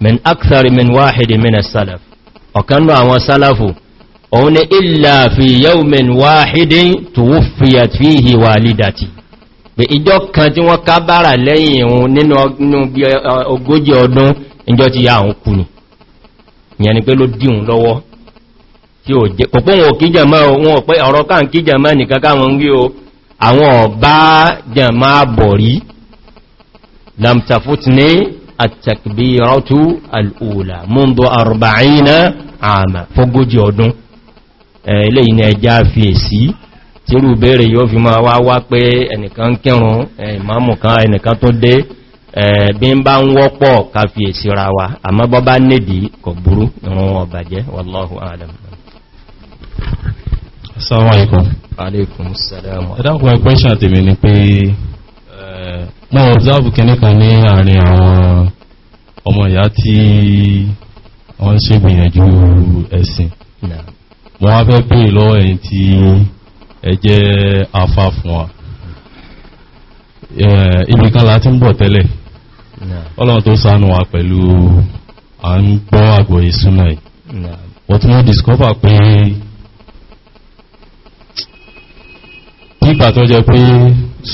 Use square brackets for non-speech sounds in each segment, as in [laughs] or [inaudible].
min akthari min wahidi min as-salaf ọ̀kanú àwọn sálàfù òun ni illa fi yawmin wahidin tuwuffiyat fihi walidati bí ìjọ kan tí wọ́n kábára lẹ́yìn ìhun nínú bí ogójì ọdún ìjọ ti ya àwọn kú ni ìyẹn ni pé ló dìhun lọ́wọ́ tí ó jẹ́ kò pọ́n òkí jẹ̀mọ́ wọn pé ọ̀rọ̀ káà kí jẹ̀mọ́ nìkan káwọn rí o àwọn ọ̀bá jẹ̀mọ́ àbọ̀rí lamtafutni àtàkbírọ́tú al'ula múndú àrùbàáyínà àmà fógójì ọdún ilé iná ẹja fi èsí tí rú bèèrè yóò fi máa wá wá pé ẹnìkan kírùn ìmáàmù kan ẹnìkan tó dé bí ń bá ń wọ́pọ̀ ká fi èsí ra wa àmọ́ bọ́ bá nìdí kò burú ìrún ọbàjẹ́ wallahu adam Assalamu alaikum. Alaikum salam. Ẹ̀dàkùn ẹ̀kwẹ́ṣàn tèmi ni pé Eh, mo observe kìíní kan ní àárín ọmọ ìyá tí wọ́n ń ṣe gbìyànjú ẹ̀sìn mo wá fẹ́ bèèrè lọ́wọ́ tí ẹ jẹ́ afá fún wa eh, ibi kan láti ń bọ̀ tẹ́lẹ̀ ọlọ́run tó ṣàánú wa pẹ̀lú à ń gbọ́ discover pé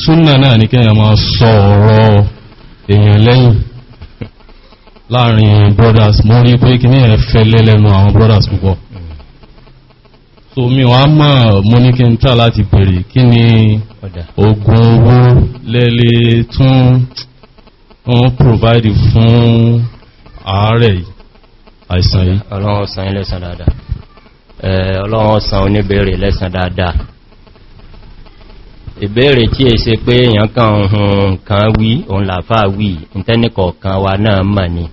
súnà náà ní kẹ́yàn máa sọ ọ̀rọ̀ èèyàn lẹ́yìn láàrin brothers mo rí pé kí ní ẹ̀ fẹ́lẹ́ lẹ́nu àwọn brothers púpọ̀ so mi wọ́n á mọ̀ mo ní kí n tà láti bèèrè kí ni ogun owó lẹ́lẹ́ tún ń provide fún àárẹ̀ àìsàn yìí ọlọ́run ọ̀sán ilẹ̀sàn dáadáa ọlọ́run oníbèèrè lẹ́sàn dáadáa ìbéèrè tí è ṣe pé èyàn kan ohun kan wí òun làfá wí ìtẹ́nìkọ̀ kan wa náà mọ̀ ni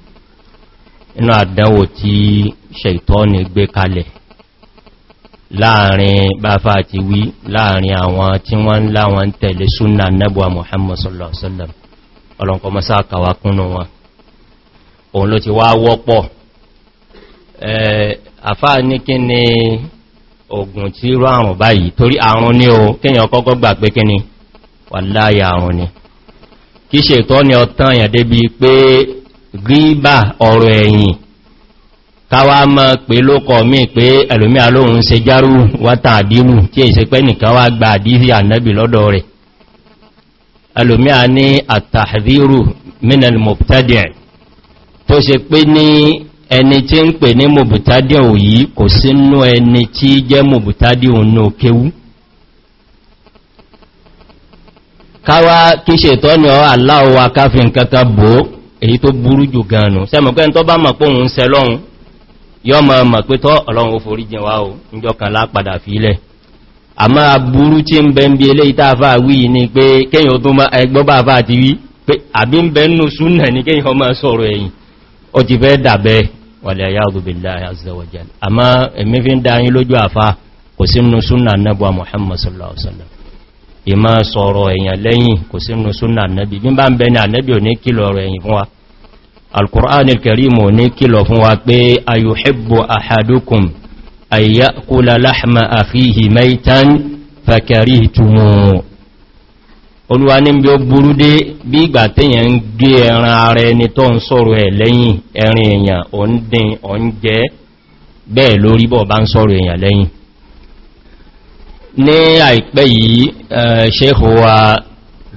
inú àdánwò tí ṣẹ̀tọ́ni gbé kalẹ̀ láàrin báfà ti wí láàrin àwọn tí wọ́n ńlá wọn tẹ̀lé súnà nẹ́bùwa Muhammad sallallahu alaihi wasallam ọlọ́nkọ̀ mọ́sá kàwà kúnnù wọn òun ló ti wá wọ́pọ̀ àfáà ní kí ni ogun tí rọ àrùn báyìí torí àrùn ní o kíyàn kọ́kọ́ gbà pé kíni wà láyé àrùn ni kí ṣe ìtọ́ ni ọ̀tán yàn débi pé gíbà ọ̀rọ̀ ẹ̀yìn káwà mọ́ pé lókọ̀ mí pé ẹlòmí alóhun ṣe járú wátà àdínú tí èsẹ pé nìkan wá gba àdífì ànẹ́bì lọ́dọ̀ rẹ̀ ẹlòmí a ní àtàdírù mínal mọ̀pítẹ́dẹ̀ tó ṣe pé ní ẹni tí ń pè ní mọ̀bùtádíò yìí kò sínú ẹni tí jẹ́ mọ̀bùtádíò náà kéwú káwá kí ṣètọ́ ni ọ aláwọ̀ akáfin kankan bò èyí tó burú jù ganu sẹ́mọ̀kẹ́ bá o àmá burú tí ń bẹ ń ni pé tó máa ti wí pé àbí ń bẹ nù súnà ní kéyàn máa sọ̀rọ̀ ẹ̀yìn wal-'iyadhu billahi azza wa jalla àmá èmi fi ń dáyín lójú àfá kò sínú súnà nẹ́bùwa Muhammad sallallahu alaihi wasallam ìmá sọ̀rọ̀ èèyàn lẹ́yìn kò sínú súnà nẹ́bì bí bá ń bẹ ní ànẹ́bì ò ní kílọ̀ rẹ̀ yìn fún ahadukum an lahma akhihi maytan fakarihtumu olúwa ní bí ó burú dé bí ìgbà téèyàn ń gbé ẹran ara ẹni tó ń sọ̀rọ̀ ẹ̀ lẹ́yìn ẹran èèyàn ò ń dín ò ń jẹ bẹ́ẹ̀ lórí bọ̀ bá ń sọ̀rọ̀ èèyàn lẹ́yìn ní àìpẹ́ yìí Sheikh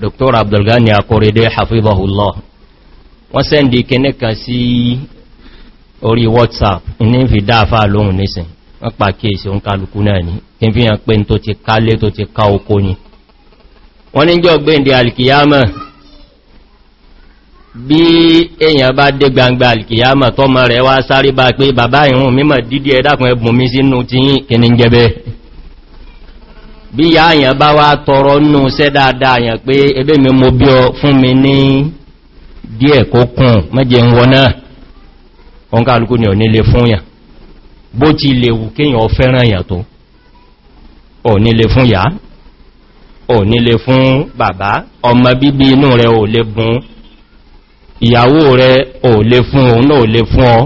Dr. Abdulgani Akorede hafizahullah wọ́n sẹ́ndì kìnní kan sí orí WhatsApp ní fi dáfà lóhun nísìn wọ́n pàkíyèsí òun kálukú náà ní kí fi hàn pé tó ti kálé tó ti ká oko ni wọ́n ní jọ gbé ǹdẹ̀ alkiyama bí èyàn bá dé gbangba alikiyama tọ́mọ rẹ̀ wá sáré bá pé bàbá ìhun mímọ̀ dídí ẹ̀dàkùn ẹbùn mi sínú tí kìní jẹbẹ́ bí ya àyàn bá wá tọrọ nù sẹ́ dáadáa àyàn pé ẹbẹ́ mi mo bí ọ fún mi ní díẹ̀ kó kùn mẹ́jẹ ò ti ọ ò nílé fún bàbá ọmọ bíbí inú rẹ̀ ò lè bùn ìyàwó rẹ̀ ò lè fún òun náà ò lè fún ọ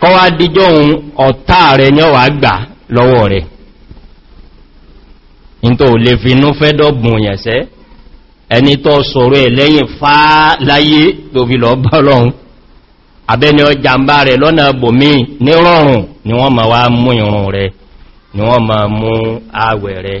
kọ́ wá díjọ́ òun ọ̀tá rẹ̀ ní ọwà gbà lọ́wọ́ rẹ̀ in tó lè fi inú fẹ́ dọ́gbùn yẹ̀sẹ́ ẹni tó sọ̀rọ̀ ẹ̀ lẹ́yìn fá láyé tó fi lọ bá ni wọ́n ma wá mú ìrùn rẹ̀ ni wọ́n ma mú àwẹ̀ rẹ̀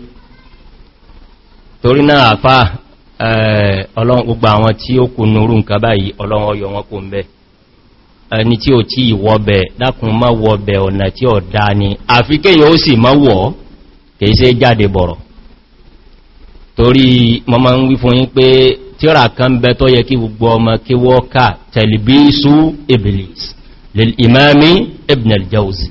torí náà àfá ọlọ́run gbogbo àwọn tí ó kù nùrù nǹkan báyìí ọlọ́run ọyọ wọn kò ń bẹ ẹni tí ó tí ìwọ́bẹ̀ dákùn má wọ́bẹ̀ ọ̀nà tí ó dá ni àfi ó sì má wọ́ kìí ṣe jáde bọ̀rọ̀ torí mọ́ ma ń wí fún yín pé tíra kan bẹ tó yẹ kí gbogbo ọmọ kí wọ́ká tẹ̀lìbísú iblis lil imami ibn al-jawzi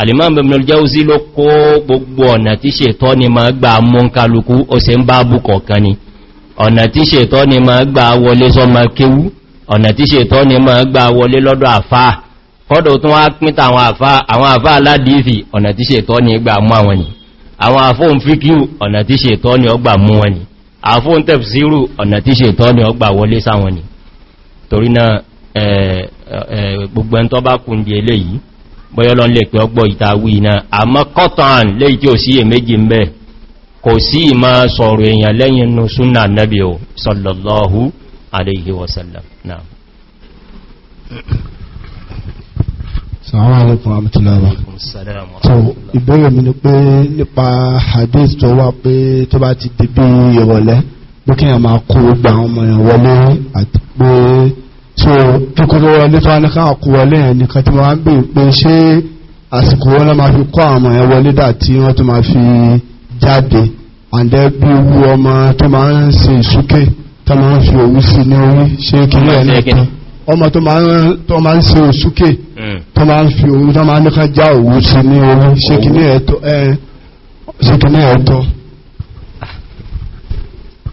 Al-Imam Ibn al-Jawzi ló kó gbogbo ọ̀nà tí ṣètọ́ ni ma gbà mọ́ kálukú ó se ń bá búkọ̀ kan ni ọ̀nà tí ṣètọ́ ni ma gbà wọlé sọmọ kéwú ọ̀nà tí ṣètọ́ ni ma gbà wọlé lọ́dọ̀ àfáà kọ́dọ̀ tún wá pínta àwọn àfáà àwọn àfáà aládìífì ọ̀nà tí ṣètọ́ ni gbà gbogbo ẹn bá kún di eléyìí bọ́yọ́lọ́ lè pẹ́ ọgbọ́ ìtawí iná àmọ́ kọ́tàn lè tí ó sí èméjì ń bẹ́ kò sí ìmá sọ̀rọ̀ èèyàn lẹ́yìn inú súnà nẹ́bí o sọ̀lọ̀lọ́hú aléyìí wọ́sẹ̀lẹ̀ náà Assalamu alaikum warahmatullahi wabarakatuh. So, ìbéèrè mi ni pé nípa hadith so tukuru wọlé tó wá ní káwọn kú wọlé yẹn nìkan tí wọ́n á bè pé ṣé àsìkò wọlé máa fi kọ́ àwọn ẹ̀ wọlé dà tí wọ́n tó máa fi jáde àǹdẹ́ bí wú ọmọ tó máa ń ṣe ìsúkè tó máa ń fi òwú sí ní orí ṣé kí ní nìkan ọmọ tó máa ń ṣe òsúkè tó máa ń fi òwú tó máa ń nìkan já òwú sí ní orí ṣé kí ní ẹ̀ tọ́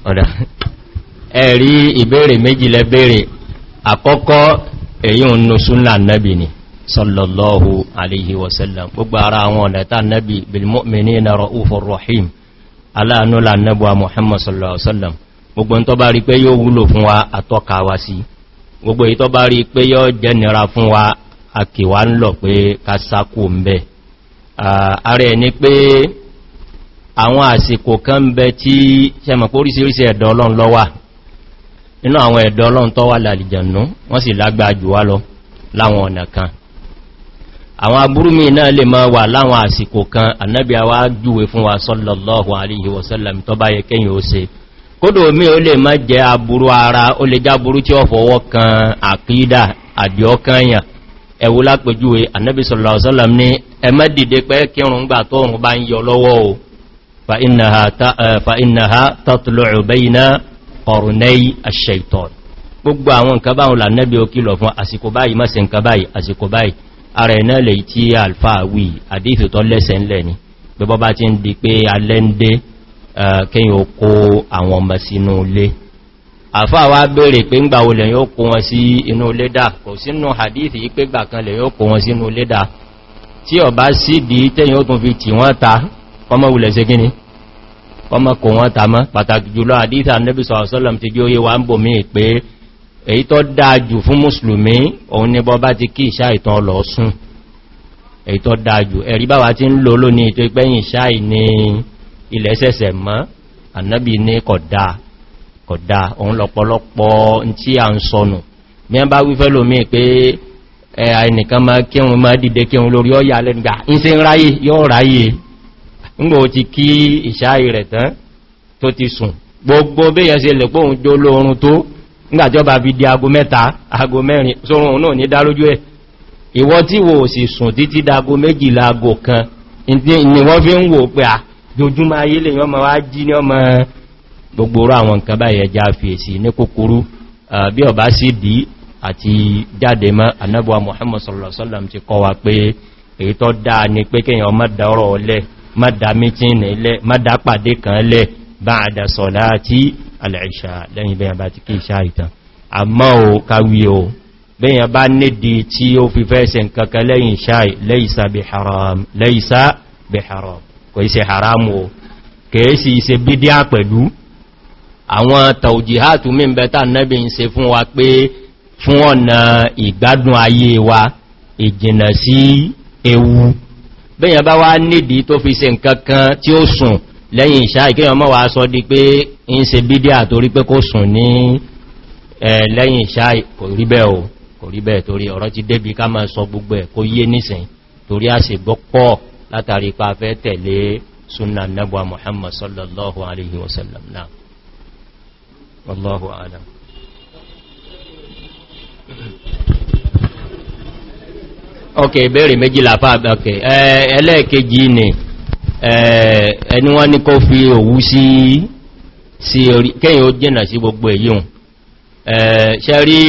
ọ̀dà ẹ̀rí ìbéèrè méjì àkọ́kọ́ èyí ń nú súnlá nẹ́bì ni sallallahu alaihi wasallam gbogbo ara àwọn ọ̀nẹ́ta nẹ́bì bilmọ́mìnì na ra'ufin rahim aláàánúlà nẹ́bùwa muhammad sallallahu alaihi wasallam gbogbo tó àwọn àsìkò kan bẹ tí sẹmọ̀ pórísìírísìí ẹ̀dọ́ ọlọ́run lọ́wà inú àwọn ẹ̀dọ́ ọlọ́run tó wà lálìjànú wọ́n sì lágbàá jù wá lọ láwọn ọ̀nà kan àwọn agbúrúmí náà lè máa wà láwọn àsìkò kan annabi a wá júwe fún wa sallallahu alaihi wasallam tó bá yẹ kẹ́yìn ó se kódò mí ó lè má jẹ aburú ara ó lè jáburú tí ó fọwọ́ kan àkídà àdíọ́kányà ẹ̀wú lápẹjúwe annabi sallallahu kọrùnẹ́yí aṣẹ́ìtọ̀n gbogbo àwọn nǹkan báwọn lànẹ́bí ó kìlọ̀ fún àsìkò báyìí mọ́sí nǹkan báyìí àsìkò báyìí ara ẹ̀nà lè tí alfa wí àdífì tọ́ lẹ́sẹ̀ ńlẹ̀ ni gbogbo bá ti ń di pé alẹ́ndé kíyàn ó kó àwọn ọmọ sínú ilé àfá wá bèèrè pé ńgbà olè yóò kó wọn sí inú ilé dà kò sínú hadithi pé gbà kan lè yóò kó wọn sínú ilé dà tí ọba sídìí tẹ́yìn ó tún fi tì wọ́n ta ọmọ wulẹ̀ sí gíní kọmọ kò wọ́n tàmá pàtàkì jùlọ àdíta annabi sọ̀rọ̀sọ́lọ̀m ti jí ó yé wa ń bò mí pé èyí tó dáájù fún mùsùlùmí òun ni bọ́bá ti kí ìṣá ìtàn lọ sún èyí tó dáájù ẹ̀rí báwa ti ń lò lónìí tó pẹ́yìn ìṣá ìní ilẹ̀ sẹ̀sẹ̀ mọ́ annabi ní kọ̀dá kọ̀dá òun lọ̀pọ̀lọpọ̀ ńgbò ti kí ìṣáì rẹ̀ tán tó ti sùn gbogbo béyàn se lè pòun jó lóorun tó ńgbàjọba bí di ago mẹ́ta ago mẹ́rin sórun náà ní dálójú ẹ̀ ìwọ tí wo sì sùn títí dago méjìlá ago kan ni wọ́n fi ń wò pé à jojúmọ́ ayé lè yọ́mọ wá jí ní ọmọ gbogbo àwọn nǹkan báyẹ̀ já fèsì ní kúkúrú bí ọba sí dìí àti jáde mọ́ anábuwa muhammad sallallahu alaihi wasallam ti kọ́ wa pé èyí tó dáa ni pé kíyàn ọmọ dáọ́rọ̀ ọlẹ́ mọ́dá mítíìnì ilẹ̀ mọ́dá pàdé kan lẹ́ bá àdà sọ̀lá tí alẹ́ṣà lẹ́yìn bẹ́yàn bá ti kí ìṣà ìtàn àmọ́ o kawí o bẹ́yàn bá nídi tí ó fi fẹ́ẹ̀sẹ̀ kankan lẹ́yìn ìṣà lẹ́ìsà bí haram kò ìṣẹ́ haram o kèèsì ìṣẹ́ bídíà pẹ̀lú àwọn tàùjìhátù mímbẹ̀ta nẹ́bí ń se fún wa pé fún ọ̀nà ìgbádùn ayé wa ìjìnà sí ewu bẹ́yàn bá wá nídìí tó fi ṣe nǹkan kan tí ó sùn lẹ́yìn ìṣá ìkéyàn mọ́ wá sọ di pé in ṣe bídíà torí pé kó sùn ní lẹ́yìn ìṣá kò rí bẹ́ẹ̀ o kò rí bẹ́ẹ̀ torí ọ̀rọ̀ ti débi ká máa sọ gbogbo ẹ̀ kó yé nísìn torí a sunna nabuwa muhammad sallallahu alaihi wasallam wallahu alam ọkẹ̀ ìbẹ̀rẹ̀ méjìlá fàbẹ̀ ọkẹ̀ ẹlẹ́ẹ̀kejì ní ẹni wọ́n ní kó fi òwú sí sí orí kẹ́yìn ó jìnà sí gbogbo èyíun ṣẹ́rí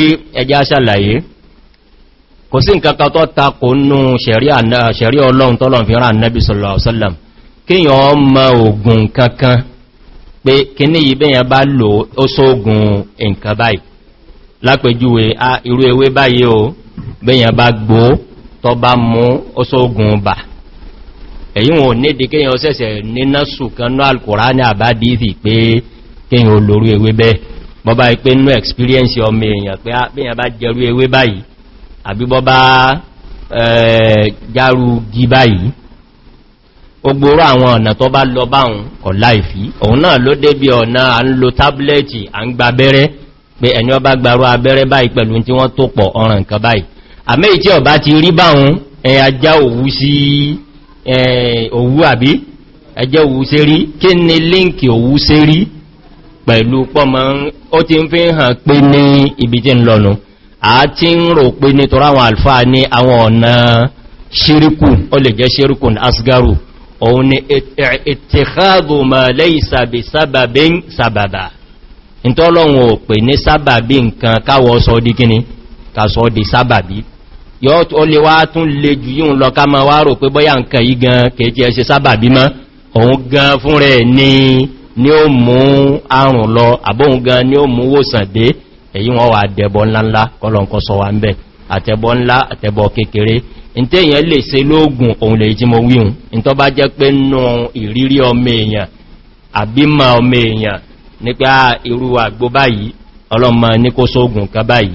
ẹjá sàlàyé kò sí nǹkan kan tó takò nú ṣẹ̀rí ọlọ́run tọ́lọ̀ fi rán nẹ́bí sọ̀lọ̀ọ̀sọ́lọ̀m kíyàn ọmọ ògùn kankan pé kíní yìí bẹ́yàn bá lò tó bá mú oṣogun bà èyí wọn ní di kíyàn ọsẹ́sẹ̀ níná ṣùkanú alkùránì àbádìí pé kíyàn olórú ewé bẹ́ẹ̀ bọ́bá ipé nú experience ọmọ èèyàn pé ah, bíyàn bá jẹrú ewé báyìí àbí bọ́bá járú gí báyìí ogboro àwọn ọ̀nà tó bá lọ báhùn kọ̀ láìfí òun náà ló dé bí ọ̀nà à ń lo tábúlẹ̀tì à ń gba abẹ́rẹ́ pé ẹni ọba gbarú abẹ́rẹ́ báyìí pẹ̀lú tí wọ́n tó pọ̀ ọ̀ràn nǹkan báyìí àmẹ́ ìtí ọ̀bá ti rí báhun ẹ̀yà já òwú sí òwú àbí ẹjẹ́ òwú sí rí kí ni líǹkì òwú sí rí pẹ̀lú pọ́mọ ó ti ń fi hàn pé ní ibi tí ń lọ́nu a ti ń rò pé ní tọ́rọ àwọn alfa ní àwọn ọ̀nà ṣíríkù ó lè jẹ́ ṣíríkù asgaru òun ni ìtìkáàgù ma lẹ́ìsà bí sábàbí sábàbà ìtọ́lọ́wọ̀n ò pè ní sábàbí nǹkan káwọ́ sọ di kíni ká sọ di sábàbí yóò tó lè wá tún lè jù yíò lọ ká ma wá rò pé bọ́yá nǹkan yí gan kèèkì ẹ̀ṣẹ́ sábà bí mọ́ òun gan fún rẹ̀ ní ní ó mú àrùn lọ àbóhun gan ní ó mú wòsàn dé èyí wọ́n wà dẹ̀bọ̀ ńláńlá kọlọ̀nkọ́ ọlọ́mọ ní kó sóògùn kan báyìí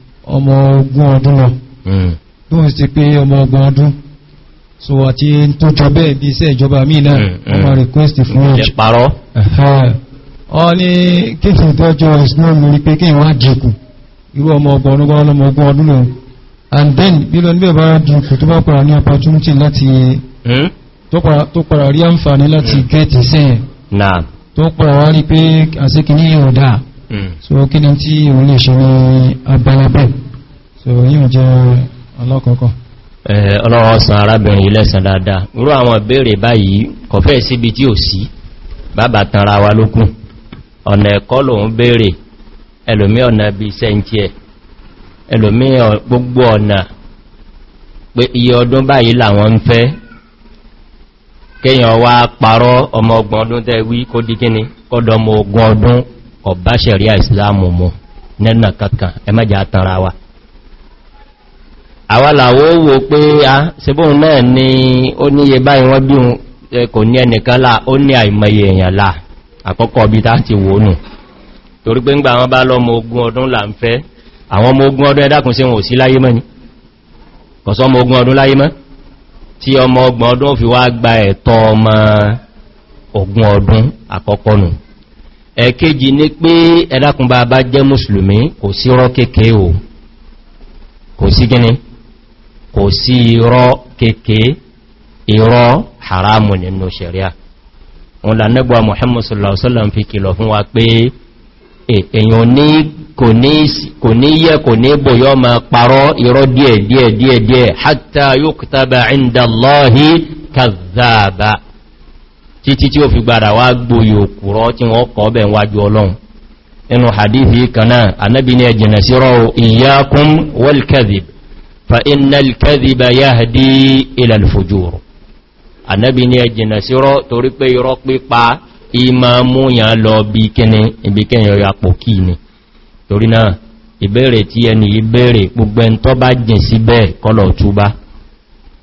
ọmọ ogún ọdún lọ hmm. bí wọ́n ti pé ọmọ ọgbọ̀n ọdún so àti tó jọ bẹ́ẹ̀ bí iṣẹ́ ìjọba míì náà hmm, hmm. ọmọ request fún ọjọ́ ọ ní kéèkì ìtọ́jọ́ ìsinmi ní pé kí wọ́n jẹ́kù irú ọmọ ọgbọ̀n ọdún ọmọ ogún ọdún lọ and then bí lọ níbẹ̀ bá jùkù tó bá padà ní opportunity láti tó padà rí àǹfààní láti get iṣẹ́ tó padà wá rí pé àṣekì ní ọ̀dá Mm. so kí ni tí òun lè ṣe ní abalabẹ́ so yíò jẹ́ alákọ̀ọ́kọ́ ọlọ́wọ́ san arábìnrin ilẹ̀sàn dáadáa irú àwọn ìbéèrè báyìí kọ̀fẹ́ síbi tí ò sí bàbá tanra wa lókún ọ̀nà ẹ̀kọ́ lòun béèrè ẹlòmí ọ̀nà bí iṣẹ́ ń tí ẹ̀ ẹlòmí gbogbo ọ̀nà pé iye ọdún báyìí làwọn ń fẹ́ kéèyàn wá parọ́ ọmọ ọgbọ̀n ọdún tẹ́ wí kó dí kíni kọ́dọ̀ ọmọ ogun ọdún ọ̀bá ṣẹ̀ríà ìsìláàmù mú nẹ́nà kankan ẹmẹ́jà tanra wa àwálàwó wo pé a síbóhun náà ni ó níye báyìí wọ́n bí kò ní ẹnìkan láà ó ní àìmọye èèyàn láà àkọ́kọ́ bí tá ti wò nù torí pé ń gbà àwọn bá lọ́mọ ogun ọdún gba ọmọ ogun ọdún àkọ́kọ́ nù ẹ̀kejì ní pé ẹ̀dákùnbà bá jẹ́ mùsùlùmí kò sí rọ́ kéèké o kò sí gíní kò sí rọ́ kéèké ìrọ́ haramu nínú sharia wọn lànẹ́gbà Muhammad sallallahu alaihi wasallam fi kìlọ̀ fún wa pé èèyàn kò ní yẹ kò ní bò yọ ma títí tí ó fi gbára wá gbòyò òkúrọ́ tí wọ́n kọ́ bẹ̀ wájú ọlọ́run inú hadithi kaná anábi ni ẹjìnà sí rọ ìyákún wọ́lkẹ́dìb fa iná kẹ́dìbà yá hadi ilẹ̀ fòjòrò anábi ni ẹjìnà sí rọ torí pé irọ́ pípa ìmá múyàn lọ bí kíni ibikẹ́yàn yọ apò kí ni torí náà ìbẹ̀rẹ̀ tí ẹni ìbẹ̀rẹ̀ gbogbo ẹntọ́ bá jìn síbẹ̀ kọlọ̀ túbá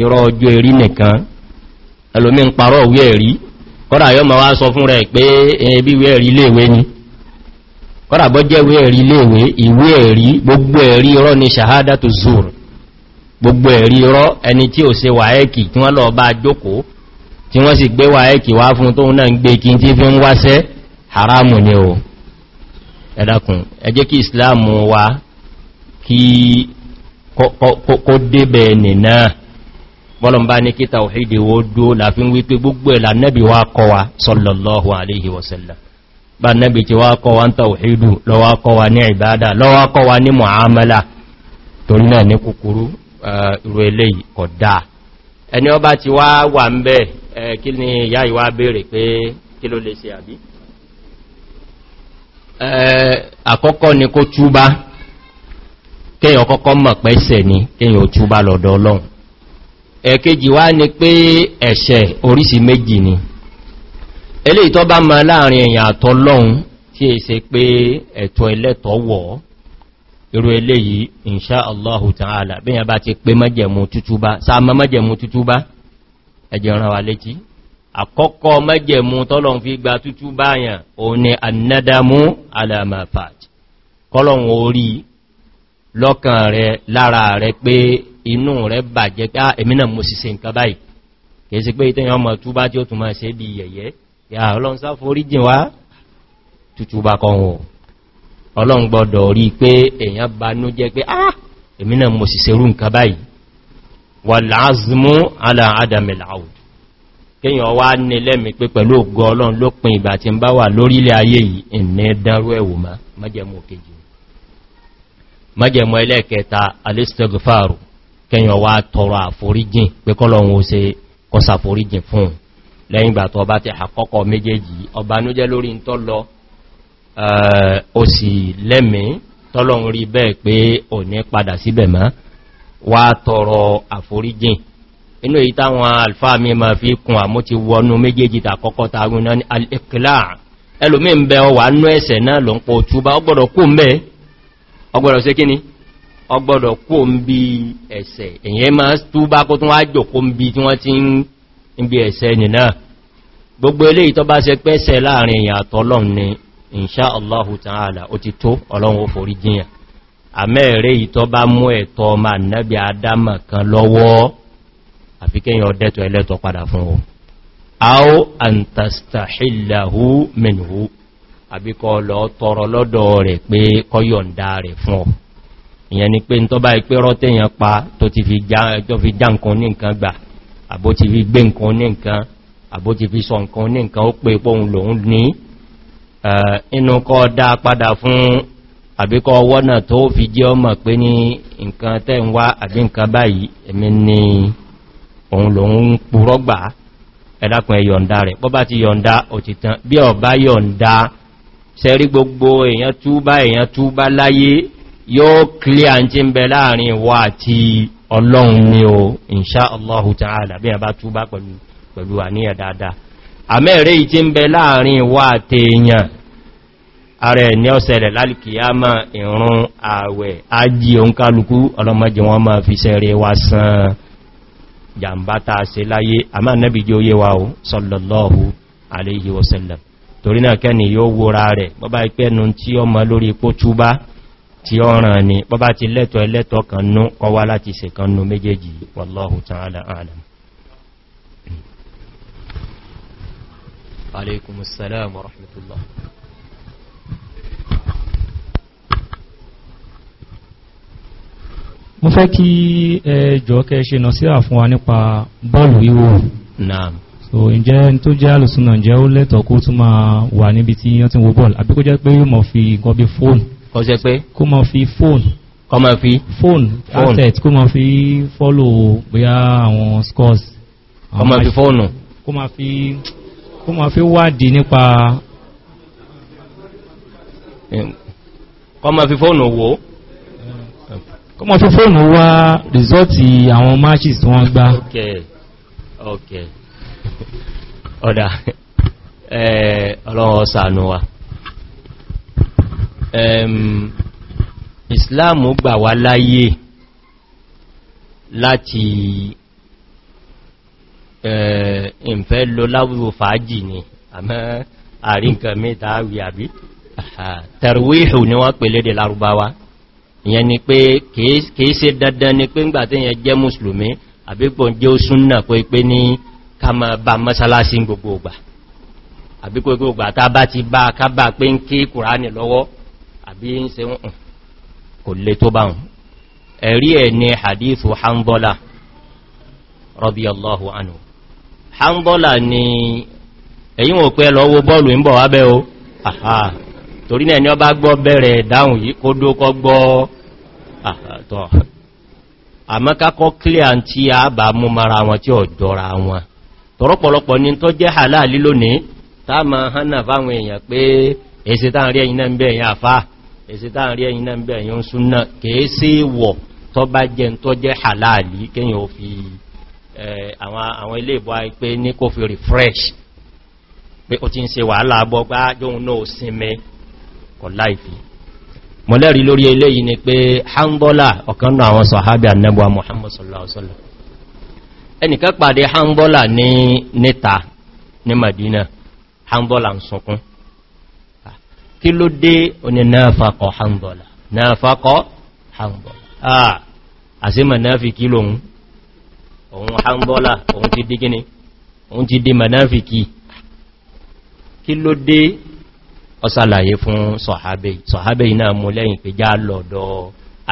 ìrọ̀ ọjọ́ èrí nìkan ẹlòmí ń parọ́ òwe ẹ̀rí kọ́dà yọ́ ma wá sọ fún rẹ̀ pé ẹbí ìwé ẹ̀rí iléèwé ni kọ́dà bọ́ jẹ́ ìwé ẹ̀rí iléèwé ìwé ẹ̀rí gbogbo ẹ̀rí irọ́ ni ṣàhádà tó zùr gbogbo ẹ̀rí irọ́ ẹni tí ò se wàẹ́kì tí wọ́n lọ bá jókòó tí wọ́n sì gbé wàẹ́kì wá fún tóun náà ń gbé kí tí fi ń wáṣẹ́ haramu ni o ẹ̀dàkùn ẹ kí ìsìláàmù wa kí kó débẹ̀ náà bọ́lọ̀mbá ní kí tàwíìdì wó dúó láfin wípé gbogbo ẹ̀lá nẹ́bí wá kọ́ wa sọ́lọ̀lọ́hù aléhì wọ̀sẹ̀lá bá nẹ́bí tí wá kọ́ wa ń tàwíìdù lọ́wá kọ́ wa ní ìbádà lọ́wá kọ́ wa ní mọ̀hámẹ́lá torí náà ní ni ìyá ìwá béèrè pé kí ló lè ṣe àbí àkọ́kọ́ ni kó túbá kéèyàn kọ́kọ́ mọ̀ ẹ̀kejì wá ni pé ẹ̀ṣẹ̀ oríṣi méjì ni eléyìí tó bá ma láàrin èyàn àtọlọ́hun tí è ṣe pé ẹ̀tọ́ ẹlẹ́tọ̀ wọ̀ irú eléyìí inṣá Allahu ta'ala bíyàn bá ti pé májẹ̀mú tútúbá sáàmà májẹ̀mú tútúbá ẹjẹ̀ ràn wà létí àkọ́kọ́ májẹ̀mú tọ́lọ̀un lọ́kàn rẹ̀ lára rẹ̀ pé inú rẹ̀ bàjẹ́ pé ah, èmi náà mo sì ṣe nǹkan báyìí kìí sí pé ìtẹ́yàn ọmọ túbá tí ó tún ṣe bí yẹ̀yẹ́ ya ọlọ́nsá foríjìn wá tútùbá kan wọ̀ ọlọ́n gbọ́dọ̀ rí pé èyàn banú jẹ́ pé ah èmi náà mo sì ṣerú nǹkan báyìí ala adamil aud kéèyàn wá ní lẹ́mìí pé pẹ̀lú ògo ọlọ́run lópin ìgbà tí ń bá wà lórílẹ̀ májẹ̀mọ̀ ẹlẹ́ẹ̀kẹta alistogfaru kẹyàn wá tọrọ àforíjìn pé kọ́lọ̀un ó se kọsàforíjìn fún lẹ́yìn ìgbà tó bá ti àkọ́kọ́ méjèèjì ọ̀bánújẹ́ lórí ń tọ́lọ eh, ó sì lẹ́mí tọ́lọ̀un rí bẹ́ẹ̀ pé ò ní padà síbẹ̀ mọ́ wá tọrọ àforíjìn inú èyí táwọn alfáà mi ma fi kún àmú ti wọnú méjèèjì tàkọ́kọ́ tààrùn náà ni al-ikla ń bẹ ọwà nú ẹ̀sẹ̀ náà lọ ń pọ̀ túbá ọgbọ̀dọ̀ kú mẹ́ ọgbọ̀dọ̀ ṣe kíni ọgbọ̀dọ̀ kó ń bí ẹ̀ṣẹ̀ èyàn máa túbá kó tún wá jòkó ń bí tí wọ́n ti ń bí ẹ̀ṣẹ̀ nìna gbogbo eléyìí tó bá ṣe pẹ́ṣẹ̀ láàrin èyàn àtọ́lọ́run ni inṣá allahu ta'ala ó ti tó ọlọ́run ó forí àbíkọ́ lọ tọrọ lọ́dọ̀ rẹ̀ pé kọyọ̀ǹda rẹ̀ fún ọ ìyẹn ni pé tó bá ipé rọ́tẹ̀yàn pa tó ti fi já nǹkan ní nǹkan gbà àbó ti fi gbé nǹkan ní nǹkan àbó ti fi sọ nǹkan ní nǹkan ó pé pòun lòun ní inú kọ́ dá padà fún àbíkọ́ wọ́nà tó fi jẹ́ ọmọ pé ní nǹkan tẹ́ ń wá àbí nǹkan báyìí èmi ni òun lòun ń purọ́gbà ẹ̀dàkùn ẹ̀yọ̀ǹda rẹ̀ bọ́bá ti yọ̀ǹda òtìtàn bí ọ̀bá yọ̀ǹda sẹ́rí gbogbo èyàn túbá èyàn túbá láyé yóò kílé àǹtí ń bẹ láàrin ìwọ àti ọlọ́run ni o inṣá allahu ta'ala bí a bá túbá pẹ̀lú àníyà dáadáa àmẹ́rẹ́ ìtí ń bẹ láàrin ìwọ àti èyàn ààrẹ ní ọ̀sẹ̀rẹ̀ lálìkìyàmà ìrún ààwẹ̀ ají oúnkálukú ọlọ́mọdé wọn máa fi sẹ́rẹ̀ wá sán jàmbátà sí láyé àmà nẹ́bìjì oyé wa o sallallahu alaihi torí náà kẹ́ni yóò wóra rẹ̀ bọ́bá ipẹ́ nu tí ó mọ lórí ipò túbá tí ó ràn ní bọ́bá ti lẹ́tọ̀ ẹlẹ́tọ̀ kan nú kọwa láti se kan nú méjèèjì wallahu ta'ala alam alaikum wa rahmatullah mo fẹ́ kí ẹjọ́ kẹ́ ṣe nọ so ǹjẹ́ tó jẹ́ alùsùnà jẹ́ ó lẹ́tọ̀ kó tún máa wà níbi tí wọ́n ti wo bọ́ọ̀lù àbí kó jẹ́ pé yóò mọ̀ fi nǹkan bí fóònù kó jẹ́ pé kó mọ̀ fi fóònù kó mọ̀ fi fóònù asset kó mọ̀ fi fọ́lò bóyá àwọn scores kó mọ̀ fi fóònù kó mọ̀ fi kó mọ̀ fi wádìí nípa kó mọ̀ fi fóònù wò kó mọ̀ fi fóònù wá rìsọ́ọ̀tì àwọn matches tí wọ́n gbá okay okay ọ̀dá ọlọ́wọ́ sànú wa ìsìláàmù gbà wá láyé láti ìfẹ́ lọ láwúrò fàájì ni àmọ́ àrí nǹkan mẹ́ta wí àbí tẹ̀rùwíhù ni wọ́n pèlé dẹ̀ lárúbáwá ìyẹn ni pé kìí ṣe dandan ni pé ń gbà tí ìyẹn jẹ́ mùsùlùmí àbípọ̀ jẹ́ ó súnnà pé ní ká ma masalasi gbogbo ìgbà àbí kó gbogbo àtà ti bá kábà pé ń kí kùránì lọ́wọ́ àbí ń ṣe wọ́n kò lè tó bá wọn ẹ̀rí ẹ̀ ni hadithu hanbola radiyallahu anhu hanbola ni èyí pẹ́ lọ́wọ́ ọ tọ́rọpọ̀lọpọ̀ ní tó jẹ́ halali lónìí tá ma hánà fáwọn èèyàn pé èsì tán rí ẹ̀yin náà ń bẹ̀ ẹ̀yin àfá èsì tán rí ẹ̀yin náà ń bẹ̀ ẹ̀yin súnnà kèé sí wọ̀ tó bá jẹ́ tó jẹ́ halali kéyàn ó fi àwọn ilé ìbọ̀ pé ní kó fi refresh pé ó ti ń ṣe wàhálà abọ́ gbá jóun náà sinmi kọ̀ láìfi mọ̀lẹ́rí lórí eléyìí sallallahu ẹnìkan pàdé hanbọ́là ní níta ní Madina hanbọ́là ń sunkún ah, kí ló dé oní náfàkọ̀ hanbọ́là náfàkọ̀ hanbọ́là ah, àà àsímọ̀ náàfi kí lòun òun hanbọ́là òun ti dí gíní òun ti dí manáfi kí kí ló dé ọsàlàyé fún sọ̀hábẹ̀ sọ̀hábẹ̀ iná mú lẹ́yìn pé lọ́dọ̀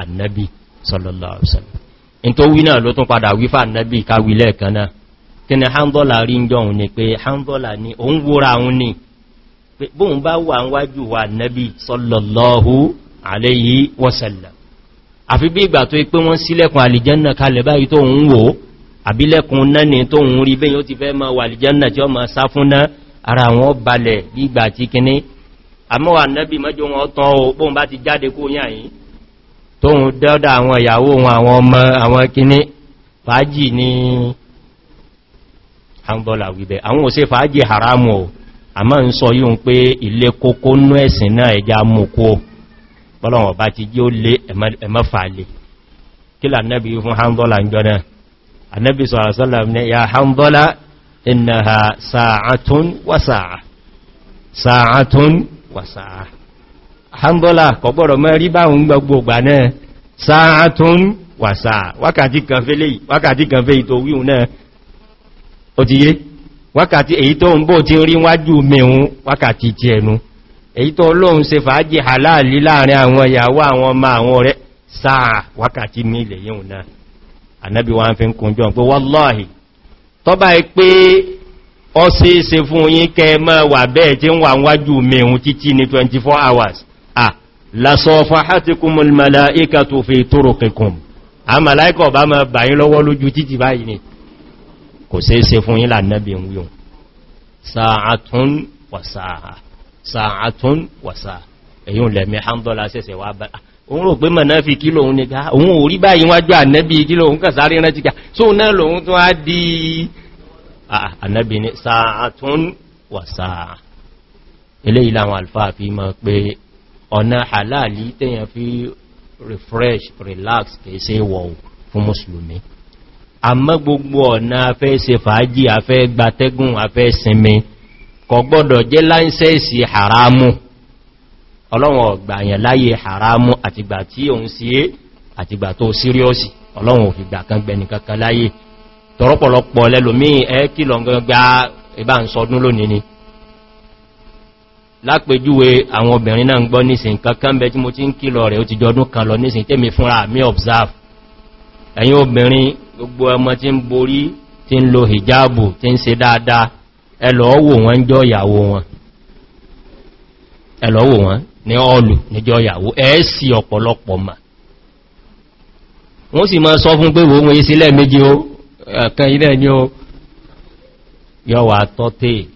annabi sallallahu alaihi wasallam in tó wí náà ló tún padà wífà nẹ́bí káwí lẹ́ẹ̀kan náà kí ni handola rí ń jọun ni pé handola ni òun wúra òun ni pé bóun bá wà ń wájú wà nẹ́bí sọlọ̀lọ́hu àléyí wọ́sẹ̀lẹ̀ àfi bí ìgbà tó pé wọ́n sílẹ̀kùn àlìjẹ́nà kalẹ̀ báyìí tó ń wò àbílẹ̀kùn nẹ́ni tó ń rí bẹ́yìn tóhun dọ́dọ̀ àwọn ìyàwó wọn àwọn ọmọ àwọn kìíní fàájì ní àǹbọ̀là wíbẹ̀ àwọn òsè fàájì haramu o a máa ń sọ yíò pé ilé kókó nú ẹ̀sìn náà ẹja mú kó bọ́lọ̀wọ̀n bá ti jí ó lé ẹmọ́fàálẹ̀ kí lànẹ́bí fún hanbọ́lá ya hanbọ́lá innaha sa'atun wasa'a sa'atun wasa'a hanbọ́lá kọgbọ́rọ̀ mọ́ rí báhùn gbogbogbà náà sáà tún wàsà wákàtí kan fẹ́ ìtò wíhùn náà ó ti yé wákàtí èyí tó ń bó ti rí wájú mẹ́un wákàtí ti ẹnu èyí tó lóhun se fàájì haláàlì láàrin àwọn ìyàwó àwọn ọmọ àwọn ọ̀rẹ́ sáà wákàtí mílẹ̀ yíò náà ànábí wọ́n fi ń kúnjọ pé wọ́lọ́hì tọ́ bá ẹ pé ọ sí ṣe fún yín mọ́ wà bẹ́ẹ̀ tí ń wà wájú mẹ́un títí ní 24 hours lásọ̀fàhátíkùn mọ̀lmàláíkà tó fi tóró kẹkùn a màláíkà ọba ma bàyín lọ́wọ́ lójú títì báyìí ni kò sí ṣe fún yílà nẹ́bí wíhùn sa'atun wasa'a sa'atun wasa'a èyí lẹ̀mí hàndọ́lá sẹ́sẹ̀ wá bá òun rò pé mọ̀náfi kí lòun ní ká òun ò rí báyìí wájú ànẹ́bí kí lòun kà sáré rántí ká só náà lòun tó á di ànẹ́bí ní sa'atun wasa'a eléyìí láwọn alfáà fi mọ́ pé ọ̀nà àláàlì tẹ́yàn fi refresh relax kèèsè wọ̀ fún mùsùlùmí àmọ́ gbogbo ọ̀nà afẹ́ ṣe fàájì afẹ́ gbatẹ́gùn afẹ́ sinmi kò gbọ́dọ̀ jẹ́ láìsẹ́ẹ̀sì haramu ọlọ́run ọ̀gbàyàn láyé haramu àtìgbà tí òun sí é àtìgbà tó síríọ́sì ọlọ́run òfìgbà kan gbẹni kankan láyé tọ́rọpọ̀lọpọ̀ lẹ́lòmí ẹ́ kìlọ̀ gbá ìbá ń sọdún lónìí ni lápèjúwe àwọn obìnrin náà ń gbọ́ nísìn kankan bẹ tí mo ti ń kílọ rẹ̀ ó ti ọdún kan lọ nísìn tẹ́mi fúnra mi observe ẹ̀yin obìnrin gbogbo ọmọ tí ń borí tí ń lo hijabu tí ń ṣe dáadáa ẹlọ́wò wọn jọ ìyàwó wọn ẹlọ́wò wọn ní ọlù níjọ ìyàwó ẹ̀ẹ́sì ọ̀pọ̀lọpọ̀ mà wọ́n sì máa sọ fún pé wọ́n wọ́n yí sílẹ̀ méjì ó ẹ̀kan ilẹ̀ ni ó yọ́wà tọ́tẹ̀ẹ́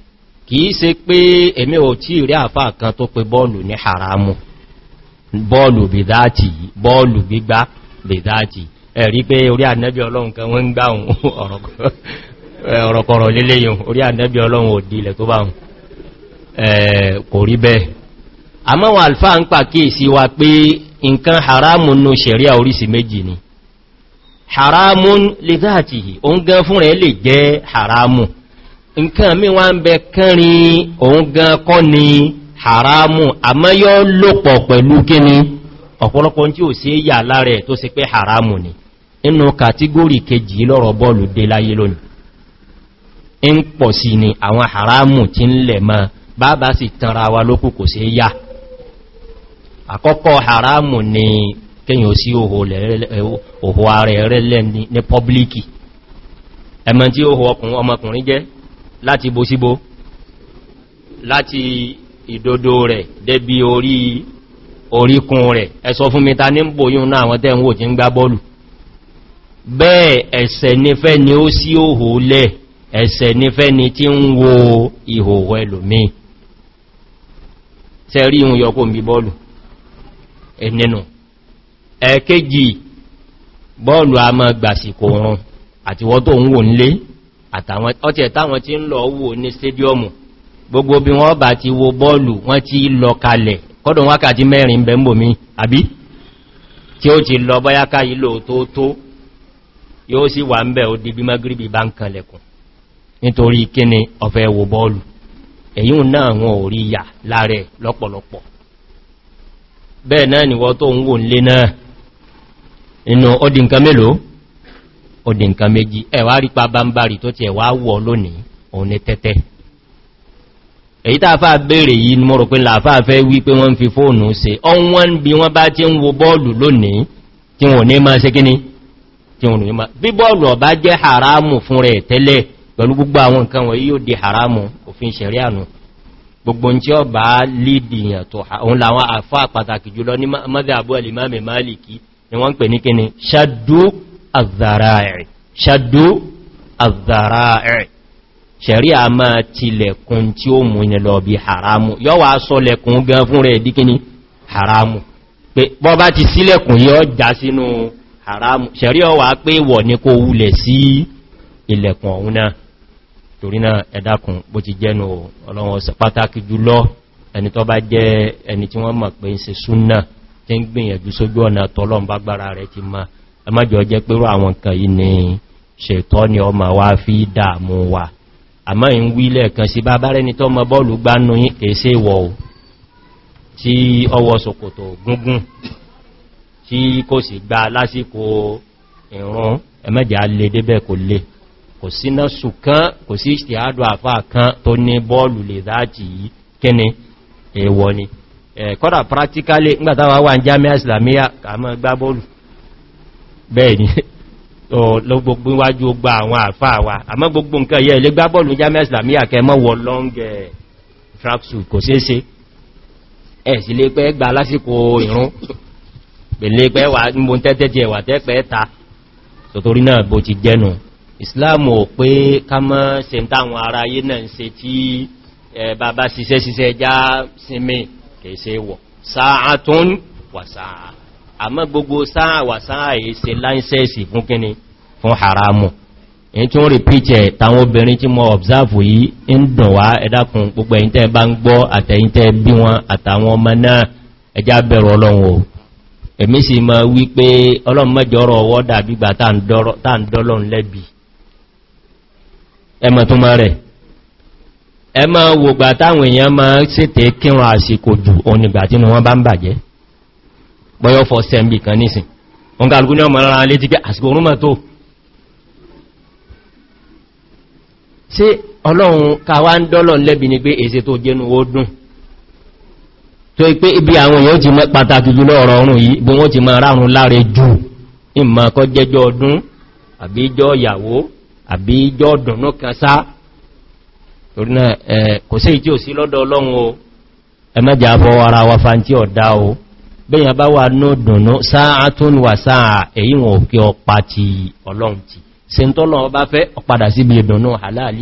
kìí ṣe pé èmi ò tí rí àfá kan tó pé bọ́ọ̀lù ní haramu bọ́ọ̀lù bidati bọ́ọ̀lù gbígbá bidati ẹ̀rí pé orí ànẹ́bí ọlọ́run kan wọ́n ń gbá ọ̀rọ̀kọ̀rọ̀ léléyìn orí ànẹ́bí ọlọ́run òdí wa nkan haramun nǹkan mi wá ń bẹ kẹrin òun gan kọ́ ni haramu àmọ́ yóò lòpọ̀ pẹ̀lú kíni ọ̀pọ̀lọpọ̀ tí ó sí yà lára ẹ̀ tó sì pé haramu ni inú kàtígórì kejì lọ́rọ̀ bọ́ọ̀lù dé láyé lónìí ń ni àwọn haramu ti ń lẹ̀ mọ́ bàbá sì tanra haramu ni kíyàn ó sí òhò ààrẹ rẹ̀ lẹ́ni ní pọ́blíkì ẹmọ tí ó hù ọkùnrin ọmọkùnrin jẹ́ láti bó síbó láti ìdodo rẹ̀ débi orí oríkun rẹ̀ ẹ sọ fún mi ta ní bòyún náà àwọn tẹ́ ń wò tí ń gbá bọ́ọ̀lù bẹ́ẹ̀ ẹ̀sẹ̀ nífẹ́ ni ó sí òhò lẹ̀ ẹ̀sẹ̀ nífẹ́ ni tí ń wo ìhòhò ẹlòmí tẹ́ rí yọkó mi bọ́ọ̀lù ẹ̀nìnù ẹ̀kéjì bọ́ọ̀lù a máa gbàsìkò rán àtiwọ́ tó ń wò nílé àtàwọn ọ̀tẹ̀ táwọn tí ń lọ wò ní stadium gbogbo bí wọ́n bá ti wo bọ́ọ̀lù wọ́n ti lọ kalẹ̀ kọ́dùn wákàtí mẹ́rin bẹ̀mbò mi àbí tí ó ti lọ báyáká ilò tó tó yóò sì wà ń bẹ̀ ó di bí bá ń kanlẹ̀kùn ni wọ́n tó ń wò ń lé òdì nǹkan méjì ẹ̀wà rípa bámbàrì tó ti ẹ̀wà wọ̀ lónìí òun ni tẹ́tẹ́ èyí tàà fà bèèrè yìí ni mọ́rọ̀ pé làáfà fẹ́ wí pé wọ́n fi fóònù se ọwọ́n bí wọ́n bá ti ń wo bọ́ọ̀lù lónìí tí wọ́n ní máa ṣe ní tí haramu fún rẹ̀ tẹ́lẹ̀ pẹ̀lú gbogbo di haramu òfin ṣẹ̀rí ànù gbogbo tí ó bá lídì yàn tó òun làwọn àfá pàtàkì jùlọ ní mọ́dà àbúẹ̀lì máàmì máàlì kí ni wọ́n pè ní kíni ṣadú àzàráẹ̀ ṣàdó àzàráẹ̀ ṣẹ̀rí a máa tilẹ̀kùn tí ó mú ní lọ bí haramu yọ́ wà sọ lẹ̀kùn gan fún rẹ̀ díkíní haramu pé bọ́ bá ti sílẹ̀kùn yọ́ já sínú haramu ṣẹ̀rí ọ wà pé wọ̀ ní kó wulẹ̀ sí ilẹ̀kùn ọ̀hún náà torí náà ẹ̀dàkùn bó ti jẹ́nu ọlọ́wọ́ ẹmọ́jọ jẹ́ pẹ́rọ àwọn nǹkan yìí ni ṣètọ́ ni ọmọ wa fi dààmú wa àmọ́ ìn wílẹ̀ kan sí bá bárẹ́ ni tó mọ bọ́ọ̀lù gbánú yí kèése wọ̀ ò tí ọwọ́ sòkòtò gúngún tí kò sì gba lásìkò ìrún ẹmẹ́jẹ̀ alẹ́ débẹ̀ kò lè kò sí náà sùkán kò sí ìṣẹ́àdọ̀ àfá kan tó ní bọ́ọ̀lù lè dájì yìí kíni èèwọ̀ ni kọ́dà practically ngbàtàwà wà ń jámẹ́ islamiyya kà mọ́ gbá bọ́ọ̀lù bẹ́ẹ̀ni [laughs] lọ gbogbo wájú gbogbo àwọn àfáà wa àmọ́ gbogbo nǹkan yẹ ilé gbábọ́ọ̀lù jámẹ́ islamiyà kẹmọ́ wọ lọ́ngẹ̀ fraksu kò ṣeéṣe ẹ̀sì lè pẹ́ gba lásìkò ìrún pèlè pẹ́ wà níbo tẹ́tẹ́ jẹ wà tẹ́pẹ́ ta tòtorí náà bó ti jẹnu islam ò pé ká mọ́ se ń táwọn ara ayé náà ń se tí bàbá ṣiṣẹ́ ṣiṣẹ́ já àmọ́ gbogbo sáàwà sáàyè se láìsẹ́ẹ̀sì fún kíni fún haramu èyí tí ó rí píjẹ̀ tàwọn obìnrin tí mọ́ observe yìí ń dùn wá ẹ̀dàkùn púpọ̀ èyí tẹ́ bá ń gbọ́ àtẹ̀yìn tẹ́ bí wọn àtàwọn ọmọ náà ẹjá bẹ̀rọ ọlọ́run o èmi sì mọ́ wípé bọ́yọ́ fọ́ sẹ́mbì kan nísìn wọn ká alùgbóní ọmọ ara létí pé àsìkò orún mọ̀ tó ṣe ọlọ́run káwà ń dọ́lọ̀ lẹ́bi ni pé èsè tó jẹnu ó dùn tó pé ibi àwọn èèyàn ti mọ́ pàtàkì jùlọ ọ̀rọ̀ ọ̀run yìí bí wọ́n ti máa rárun láre jù ìmọ̀ kọ́ ọdún àbí ìjọ ìyàwó àbí ìjọ ọdún kan sá torí kò sí ìtí ò sí lọ́dọ̀ ọlọ́run o ẹmẹ́jà fọwọ́ ara wa fa ń tí ọ̀dá o bẹ́yàn bá wà ní dùnnú sáà tó ń wà sáà èyí wọn òkè ọpa ti ọlọ́run ti se ń tọ́lọ ọba fẹ́ ọpadà sí bí àláàlì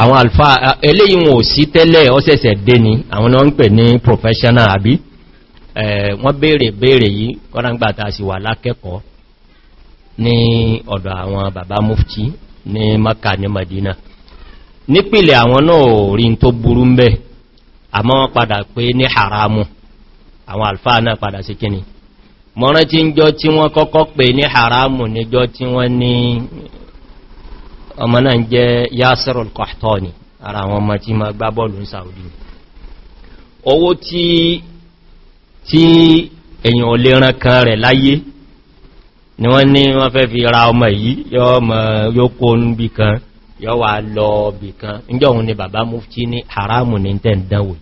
àwọn alfa eléyìn wọn ò sí tẹ́lẹ̀ ọ́sẹ̀sẹ̀ dé ni àwọn náà ń pè ní professional àbí wọ́n béèrè béèrè yìí kọ́nà ní ọ̀dọ̀ àwọn bàbá mufti ní maka ní madina nípìlẹ̀ àwọn náà rí tó burú ń bẹ́ àmọ́ wọ́n padà pé ní haramu àwọn alfáà náà padà sí kíni mọ́rán tí ń jọ tí wọ́n kọ́kọ́ pé ní haramu níjọ tí wọ́n ní ọmọ náà jẹ́ Yasir al-Qahtani ara àwọn ọmọ tí ma gbá bọ́ọ̀lù ní Saudi owó tí èyàn olè rán kan rẹ̀ láyé ni wọ́n ní wọ́n fẹ́ fi ra ọmọ yìí yóò mọ̀ yóò kó ń bí kan yóò wà lọ bí kan níjọ́ òun ni bàbá mufti ní haramu ní tẹ́ǹdánwò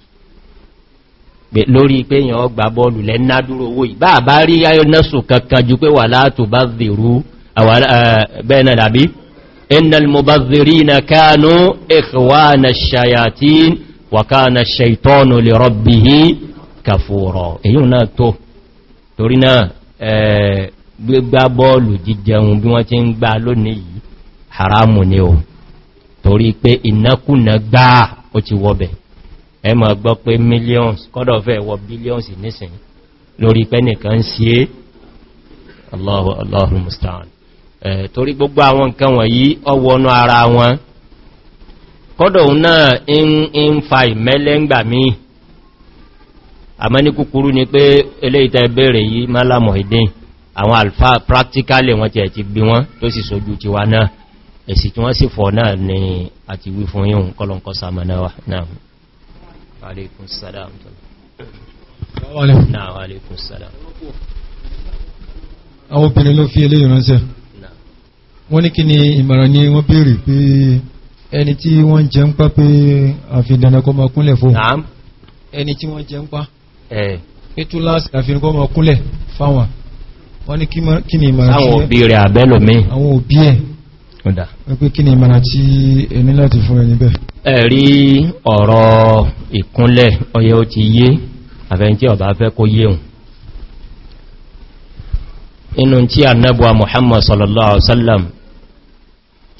lórí pé yàn ọgbà bọ́ọ̀lù lẹ́nádúró owó ìbá bá rí ayọ́nẹ́sù kankan ju pé wà látò innal mubadhirina kanu ikhwana shayatin wa kana shaytanu li rabbihi kafura èyí náà tó torí náà gbígbá bọ́ọ̀lù jíjẹun bí wọ́n ti ń gbá lónìí yìí haramu ni o torí pé ìnákùnà gbáà ó ti wọ́bẹ̀ ẹ ma gbọ́ pé millions kọ́dọ̀ fẹ́ wọ billions nísìn lórí pé nìkan sí é Allahu Allahu musta'an torí gbogbo àwọn nǹkan wọ̀nyí ọwọ́nú ara wọn kọ́dọ̀ náà ń fa ìmẹ́lẹ́ ńgbà míì àmọ́ ní kúkúrú ni pé eléyìí tẹ́ bẹ̀rẹ̀ yìí má lámọ̀ ìdín àwọn alfa practically wọ́n ti ẹ̀ti gbí wọ́n tó sì sojú ti wá náà èsì tí wọ́n sì fọ́ náà ni a ti wí fún yíò kọlọ̀nkọ́ sàmànáwà náà alaikum salam àwọn obìnrin ló fi ilé ìránṣẹ́ wọ́n ní kí ni ìmọ̀ràn ni wọ́n béèrè pé ẹni tí wọ́n jẹ ń pá pé àfihàndanakọ́ ma kúnlẹ̀ fún ẹni tí wọ́n jẹ ń pá pé túláàsì àfihàndanakọ́ ma kúnlẹ̀ fáwọn wọ́n ní kí ni ìmọ̀ràn àwọn òbí rẹ̀ àbẹ́lòmí àwọn òbí ẹ̀ wípé kí ni ìmọ̀ràn tí ẹni láti fún ẹni bẹ̀ ẹ̀rí ọ̀rọ̀ ìkúnlẹ̀ ọyẹ́ ó ti yé àfẹ́ntí ọ̀bá fẹ́ kó yéhùn inú tí annabuwa muhammad sallallahu alaihi wasallam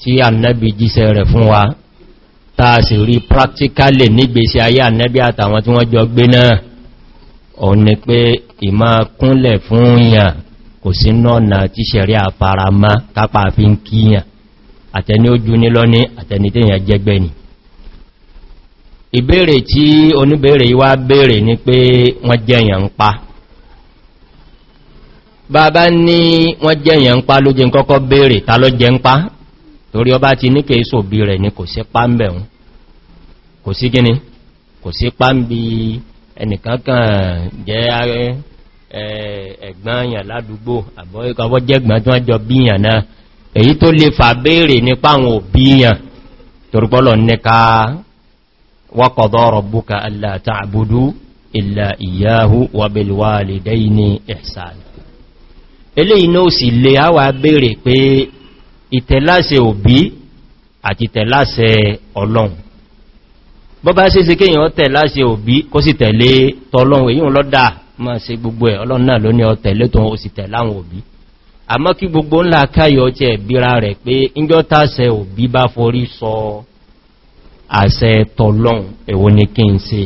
tí annabi jíṣẹ́ rẹ̀ fún wa taa sì rí practically nígbèsí ayé annabi àtàwọn tí wọ́n kò sí nọ́ọ̀nà tí ṣẹ̀rí àfaramá kápa fi ń kíyàn àtẹni ojú ní lọ́ní àtẹni tí èyàn jẹ́gbẹ́ ni ìbéèrè tí oníbéèrè wá béèrè ní pé wọ́n jẹ́yàn ń pa bàbá ní wọ́n jẹ́yàn ń pa ló jẹ́ kọ́kọ́ béèrè ta ló jẹ́ ń pa torí ọba ti ní kèéso bí rẹ̀ ni kò sí pámbẹ̀un kò sí gíní kò sí pámbí ẹnìkankan jẹ́ ẹ̀gbọ́n àyàn ládúgbò àbọ́ ìkọwọ́ jẹ́gbọ́n tó jọ bíyàn náà èyí tó lè fà béèrè nípa àwọn òbíyàn torúpọ́lọ̀ nẹ́ka waqada rabbuka alla ta'budu illa iyyahu wa bil walidayni ihsana lè àwà ma ṣe gbogbo ẹ̀ ọlọ́run náà ló ní ọ̀tẹ̀ lẹ́tọ̀ ó sì tẹ̀ láwọn òbí àmọ́ kí gbogbo ńlá káyọ̀ jẹ́ ìbíra rẹ̀ pé ìjọ́ tàṣẹ òbí bá forí sọ àṣẹ tọ́lọ́un èwo ni kí n ṣe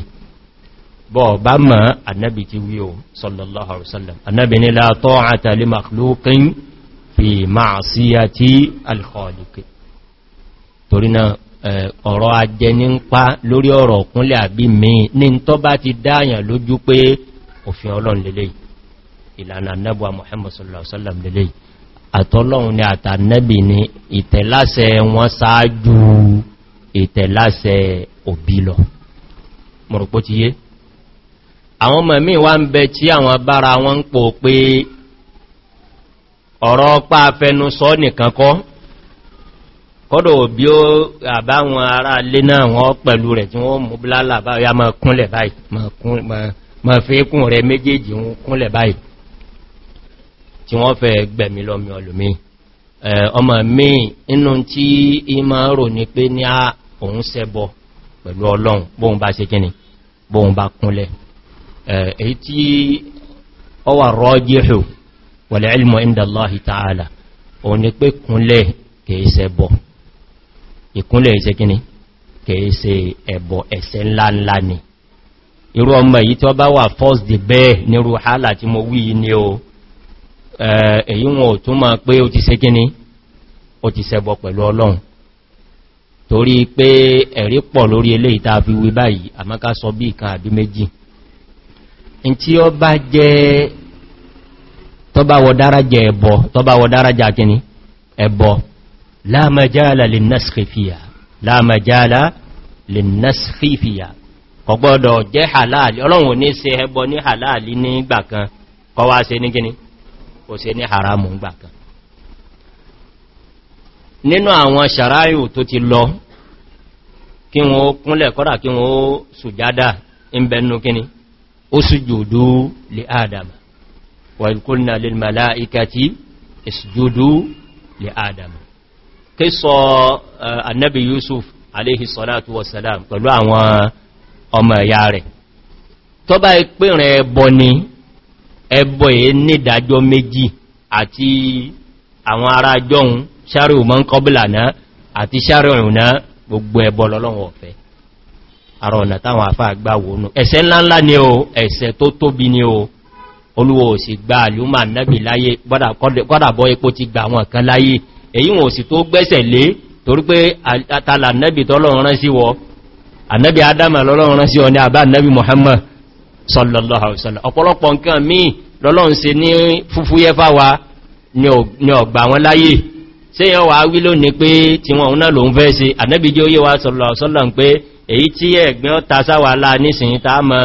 bọ́ bá mọ́ annabi ti wí o sallallahu alaihi ọ̀rọ̀ ajẹ́ ní ń pa lórí ọ̀rọ̀ kúnlẹ̀ àbí mi ní tọ́ bá ti dáyàn lójú pé òfin ọlọ́run lélẹ̀ ìlànà nẹ́bùwa Muhammad sallallahu àtọ́lọ́run ni àtànẹ́bì ni wọn sáájú ìtẹ̀láṣẹ òbí lọ mọ̀rọ̀pó ti yé àwọn ọmọ wá ń bẹ tí àwọn bára wọn ń pò pé ọ̀rọ̀ pa sọ nìkan kọ́ kọ́dọ̀ bí ó àbáwọn ará lé náà wọ́n pẹ̀lú rẹ̀ tí ma fi kún rẹ méjèèjì ń kúnlẹ̀ báyìí tí wọ́n fẹ́ gbẹ̀mí lọ mi ọlùmí ọmọ mi inú tí ìmá rò ní pé ní a òun ṣẹbọ pẹ̀lú ọlọ́run bóhun bá ṣe kíni bóhun bá kúnlẹ̀ èyí tí ọ wà rọ́jíhù wal ilmu inda Allahi ta'ala òun ni pé kúnlẹ̀ kìí ṣẹbọ ìkúnlẹ̀ ìṣẹ́kíní kìí ṣe ẹbọ ẹ̀ṣẹ̀ ńláńlá ni irú ọmọ èyí tí ó bá wà first day bẹ́ẹ̀ ní ruhala tí mo wí ní o èyí wọn ò tún máa pé ó ti ṣe kíní ó ti ṣẹbọ pẹ̀lú ọlọ́run torí pé ẹ̀rí pọ̀ lórí eléyìí tá fi wí báyìí àmáká sọ bí ìkan àbí méjì in tí ó bá jẹ́ tó ọgbọ́dọ̀ jẹ́ halali ọlọ́run ní ṣe ẹbọ ní halali ní ìgbà kan kò wá ṣe ní gíní kò ṣe ní haramu ìgbà kan nínú àwọn ṣàráyù tó ti lọ kí wọ́n kúnlẹ̀ kọ́dà kí wọ́n sùjádà ìbẹ̀nú kíní ó sùjúdú li Adama wa qulna ọmọ ẹ̀yà rẹ̀ tó bá ìpínrẹ̀ ẹbọ ni ẹbọ èé nídàjọ́ méjì àti àwọn ará jọun ṣàrí ò mọ́ ń kọbílà náà àti ṣàrí òrùn náà gbogbo ẹbọ lọ́lọ́wọ́ ọ̀fẹ́ ara ọ̀nà táwọn àfá àgbà wònú ẹ̀ṣẹ̀ ńláńlá ni o ẹ̀ṣẹ̀ tó tóbi ni o olúwo ò sì gba àlúmà náàbì láyé gbọ́dàbọ́ epo ti gba àwọn kan láyé èyí wọn ò sì tó gbẹ́sẹ̀ lé torí àtàlà náàbì tọ́lọ́run rán sí wọ annabi adam lọ́lọ́run rán sí ọ ní àbá annabi muhammad sallallahu alaihi wasallam ọ̀pọ̀lọpọ̀ nǹkan míì lọ́lọ́run ṣe ní fúfúyẹ́ fáwa ní ọgbà wọn láyé ṣe yẹn wà wí lónìí pé tí wọn náà lòun fẹ́ ṣe annabi jẹ́ oyé wa sallallahu alaihi wasallam pé èyí tí ẹ̀gbẹ́ ta sáwàlá nísìnyí ta mọ́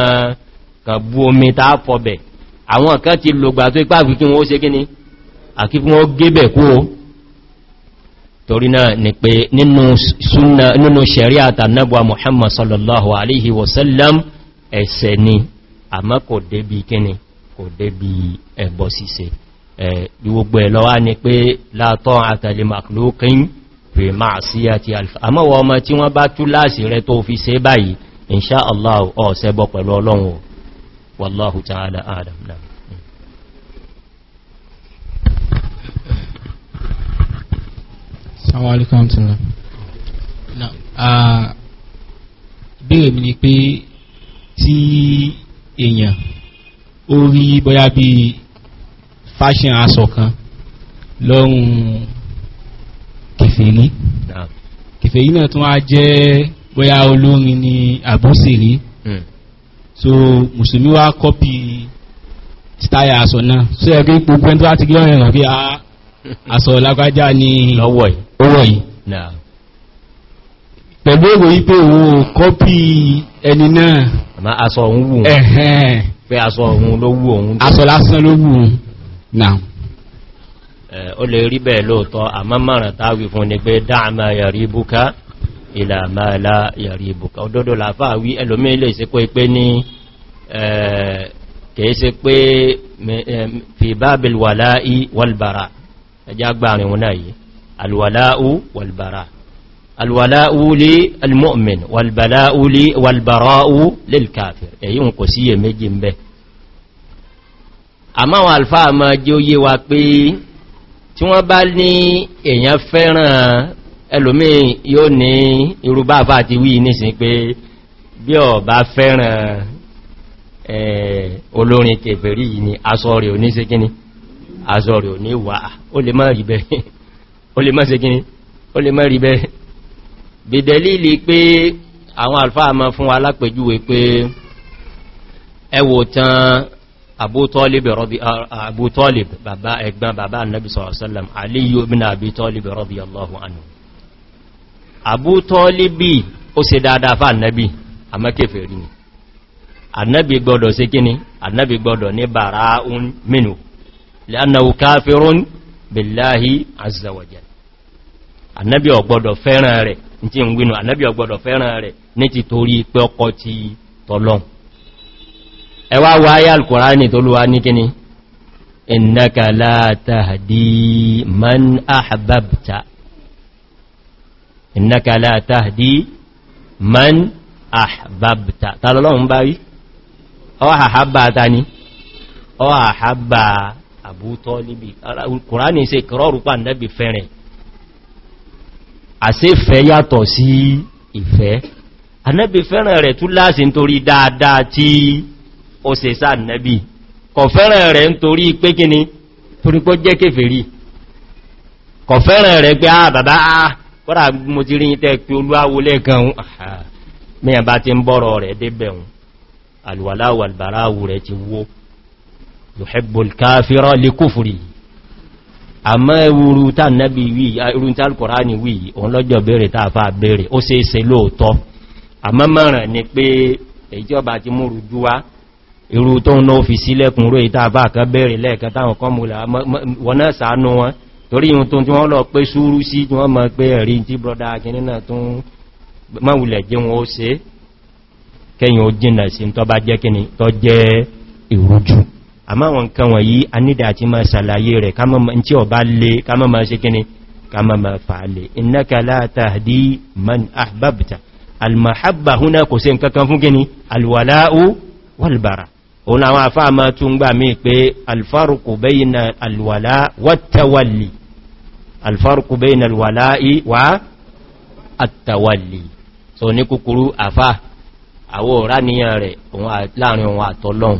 kan bú omi ta fọbẹ̀ àwọn kan ti lògbà tó ipá torí náà ni pé nínú ṣẹ̀rí àtànàbà muhammad sallallahu alaihi wasallam ẹ̀sẹ̀ ni àmá kò débi kíni kò débi ẹ̀bọ ṣíṣe gbogbo ẹ̀lọ́wà ni pé látọ́ àtàlè maklókín pè máa sí àti alfa àmọ́wọ́ ọmọ tí wọ́n bá tú láàsì rẹ tó fi ṣe báyìí Assalamu alaikum warahmatullahi wabarakatuh. Ah, Béèrè mi ni pé tí èèyàn ó rí bóyá bí fashion aṣọ kan lọ́rùn kèfèrí. Kèfèrí náà tún wá jẹ́ bóyá olórin ni àbúsìrí. Hmm. So Mùsùlùmí wá kọ́pì style aṣọ náà. Ṣé ẹgbẹ́ gbogbo ẹni tó bá ti gbé ọ̀rẹ́ rẹ̀ pé a aṣọ lágbájá ní lọ́wọ́ yìí pẹ̀lú èrò wípé òun kọ́pì ẹni náà àmá aṣọ òun wù ẹ̀hẹ́n pé aṣọ òun ló wù òun aṣọ lásán ló wù náà ó lè rí bẹ́ẹ̀ lóòtọ́ àmọ́ márùn táwí fún ni pé dáàmà yàrí búká ìlàmà yàrí búká òdòdó làfáà wí ẹlòmí ẹjá gbáàrin wọn náà yìí alwàlá'ú walbara alwàlá'ú lè almu'min walbala'ú lè walbara'ú lè kàfir èyí n kò sí yẹ méjì mbẹ̀ àmáwọn alfa ma jẹ́ ó yé wa pé tí wọ́n bá ní èyàn fẹ́ràn ẹlòmí yóò ní irúbá àfáà wí nísìn pé bí ọ bá fẹ́ràn olórin kèfèrí yìí ni asọ́rẹ̀ oníṣẹ́kíní aṣọ rẹ̀ ò ní wà ó lè má rí bẹ́ẹ̀ ó lè má ṣe gíní ó lè má rí bẹ́ẹ̀ bìdẹ̀lìlì pé àwọn alfáà ma fún alápẹjúwe pé ẹwò tán Abu Talib Abu Talib bàbá ẹgbẹ́ bàbá annabi sallam Aliyu bin Abi Talib radiyallahu anhu Abu Talibi ó ṣe dáadáa fún annabi àmọ́ kèfèrí ni annabi gbọ́dọ̀ ṣe kíní annabi gbọ́dọ̀ ní bàrá un minu lẹ́anàwò káfírún billahi azza wa jalla annabi ọgbọ́dọ̀ fẹ́ràn rẹ̀ tí ń wínú annabi ọgbọ́dọ̀ fẹ́ràn rẹ̀ ní ti torí pé ọkọ̀ ti tọ́lọ́n ẹwà wà áyà alkùnrání tó lúwa ní kíní innaka la man ahbabta innaka la tahdi man ahbabta tàlọ́lọ́run bá rí ọ àhábà ta ni ọ àbútọ́ líbi kùránì se kìrọrù nẹ́bì fẹ́rẹ̀ àṣẹ fẹ́ yàtọ̀ sí ìfẹ́ anẹ́bì fẹ́rẹ̀ rẹ̀ tún láti nítorí dáadáa tí ó se sá nẹ́bì kọ̀ fẹ́rẹ̀ rẹ̀ nítorí pé kíni torí pọ́ jẹ́ kéfèrí kọ̀ fẹ́rẹ̀ rẹ̀ pé á ah, bàbá ah, kọ́dà mo ti rí tẹ́ pé olúwáwó lẹ́ẹ̀kan mẹ́yàn ah, bá ti ń bọ́rọ̀ rẹ̀ débẹ̀un alwàláwà albàráwù rẹ̀ ti wó yùhẹ́bùl káfíró lè kúfùrí àmọ́ ewúrú tá nẹ́bí wí irú tí alkùnrání wí òun lọ́jọ́ bèèrè tààfà bèèrè ó sì ṣe lóòtọ́ àmọ́ mọ́ràn ni pé ìjọba ti múrù júwá irú tó ń náà fi sílẹ̀kùn ró ìtààfà kan bèèrè lẹ́ẹ̀kan táwọn kọmùlà wọ́n náà sàánú wọn torí ohun tó tí wọ́n lọ pé súúrú sí ó jìnà sí tọ́ bá jẹ́ kíni tọ́ jẹ́ ìrújú àmá wọn nǹkan wọ̀nyí a nídà àti máa sàlàyé rẹ̀ tí ọ bá lè kámà máa ṣe kíni kámà máa fàálè innaka la tahdi man ahbabta almahabba huna kò sí nǹkan kan fún kíni alwala'u walbara òun àwọn àfáà máa tún gbà mí pé alfarku bayna alwala wattawalli attawalli so ní kúkúrú àfáà àwọ̀ ọ̀rá rẹ̀ láàrin òun àtọ́lọ́un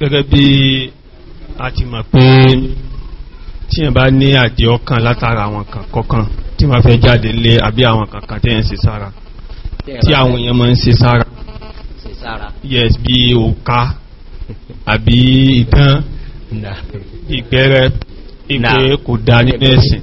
gẹ́gẹ́ bí a ti mọ̀ pé tí yẹn bá ní àdì ọkàn látara àwọn kan kọ̀kan tí ma fẹ́ jáde lé àbí àwọn kankan tí yẹn sára tí àwọn èèyàn máa ń ṣe sára yes bí òka àbí ìdán ìgbẹ́rẹ́ ìpé kò dá nínú ẹ̀sìn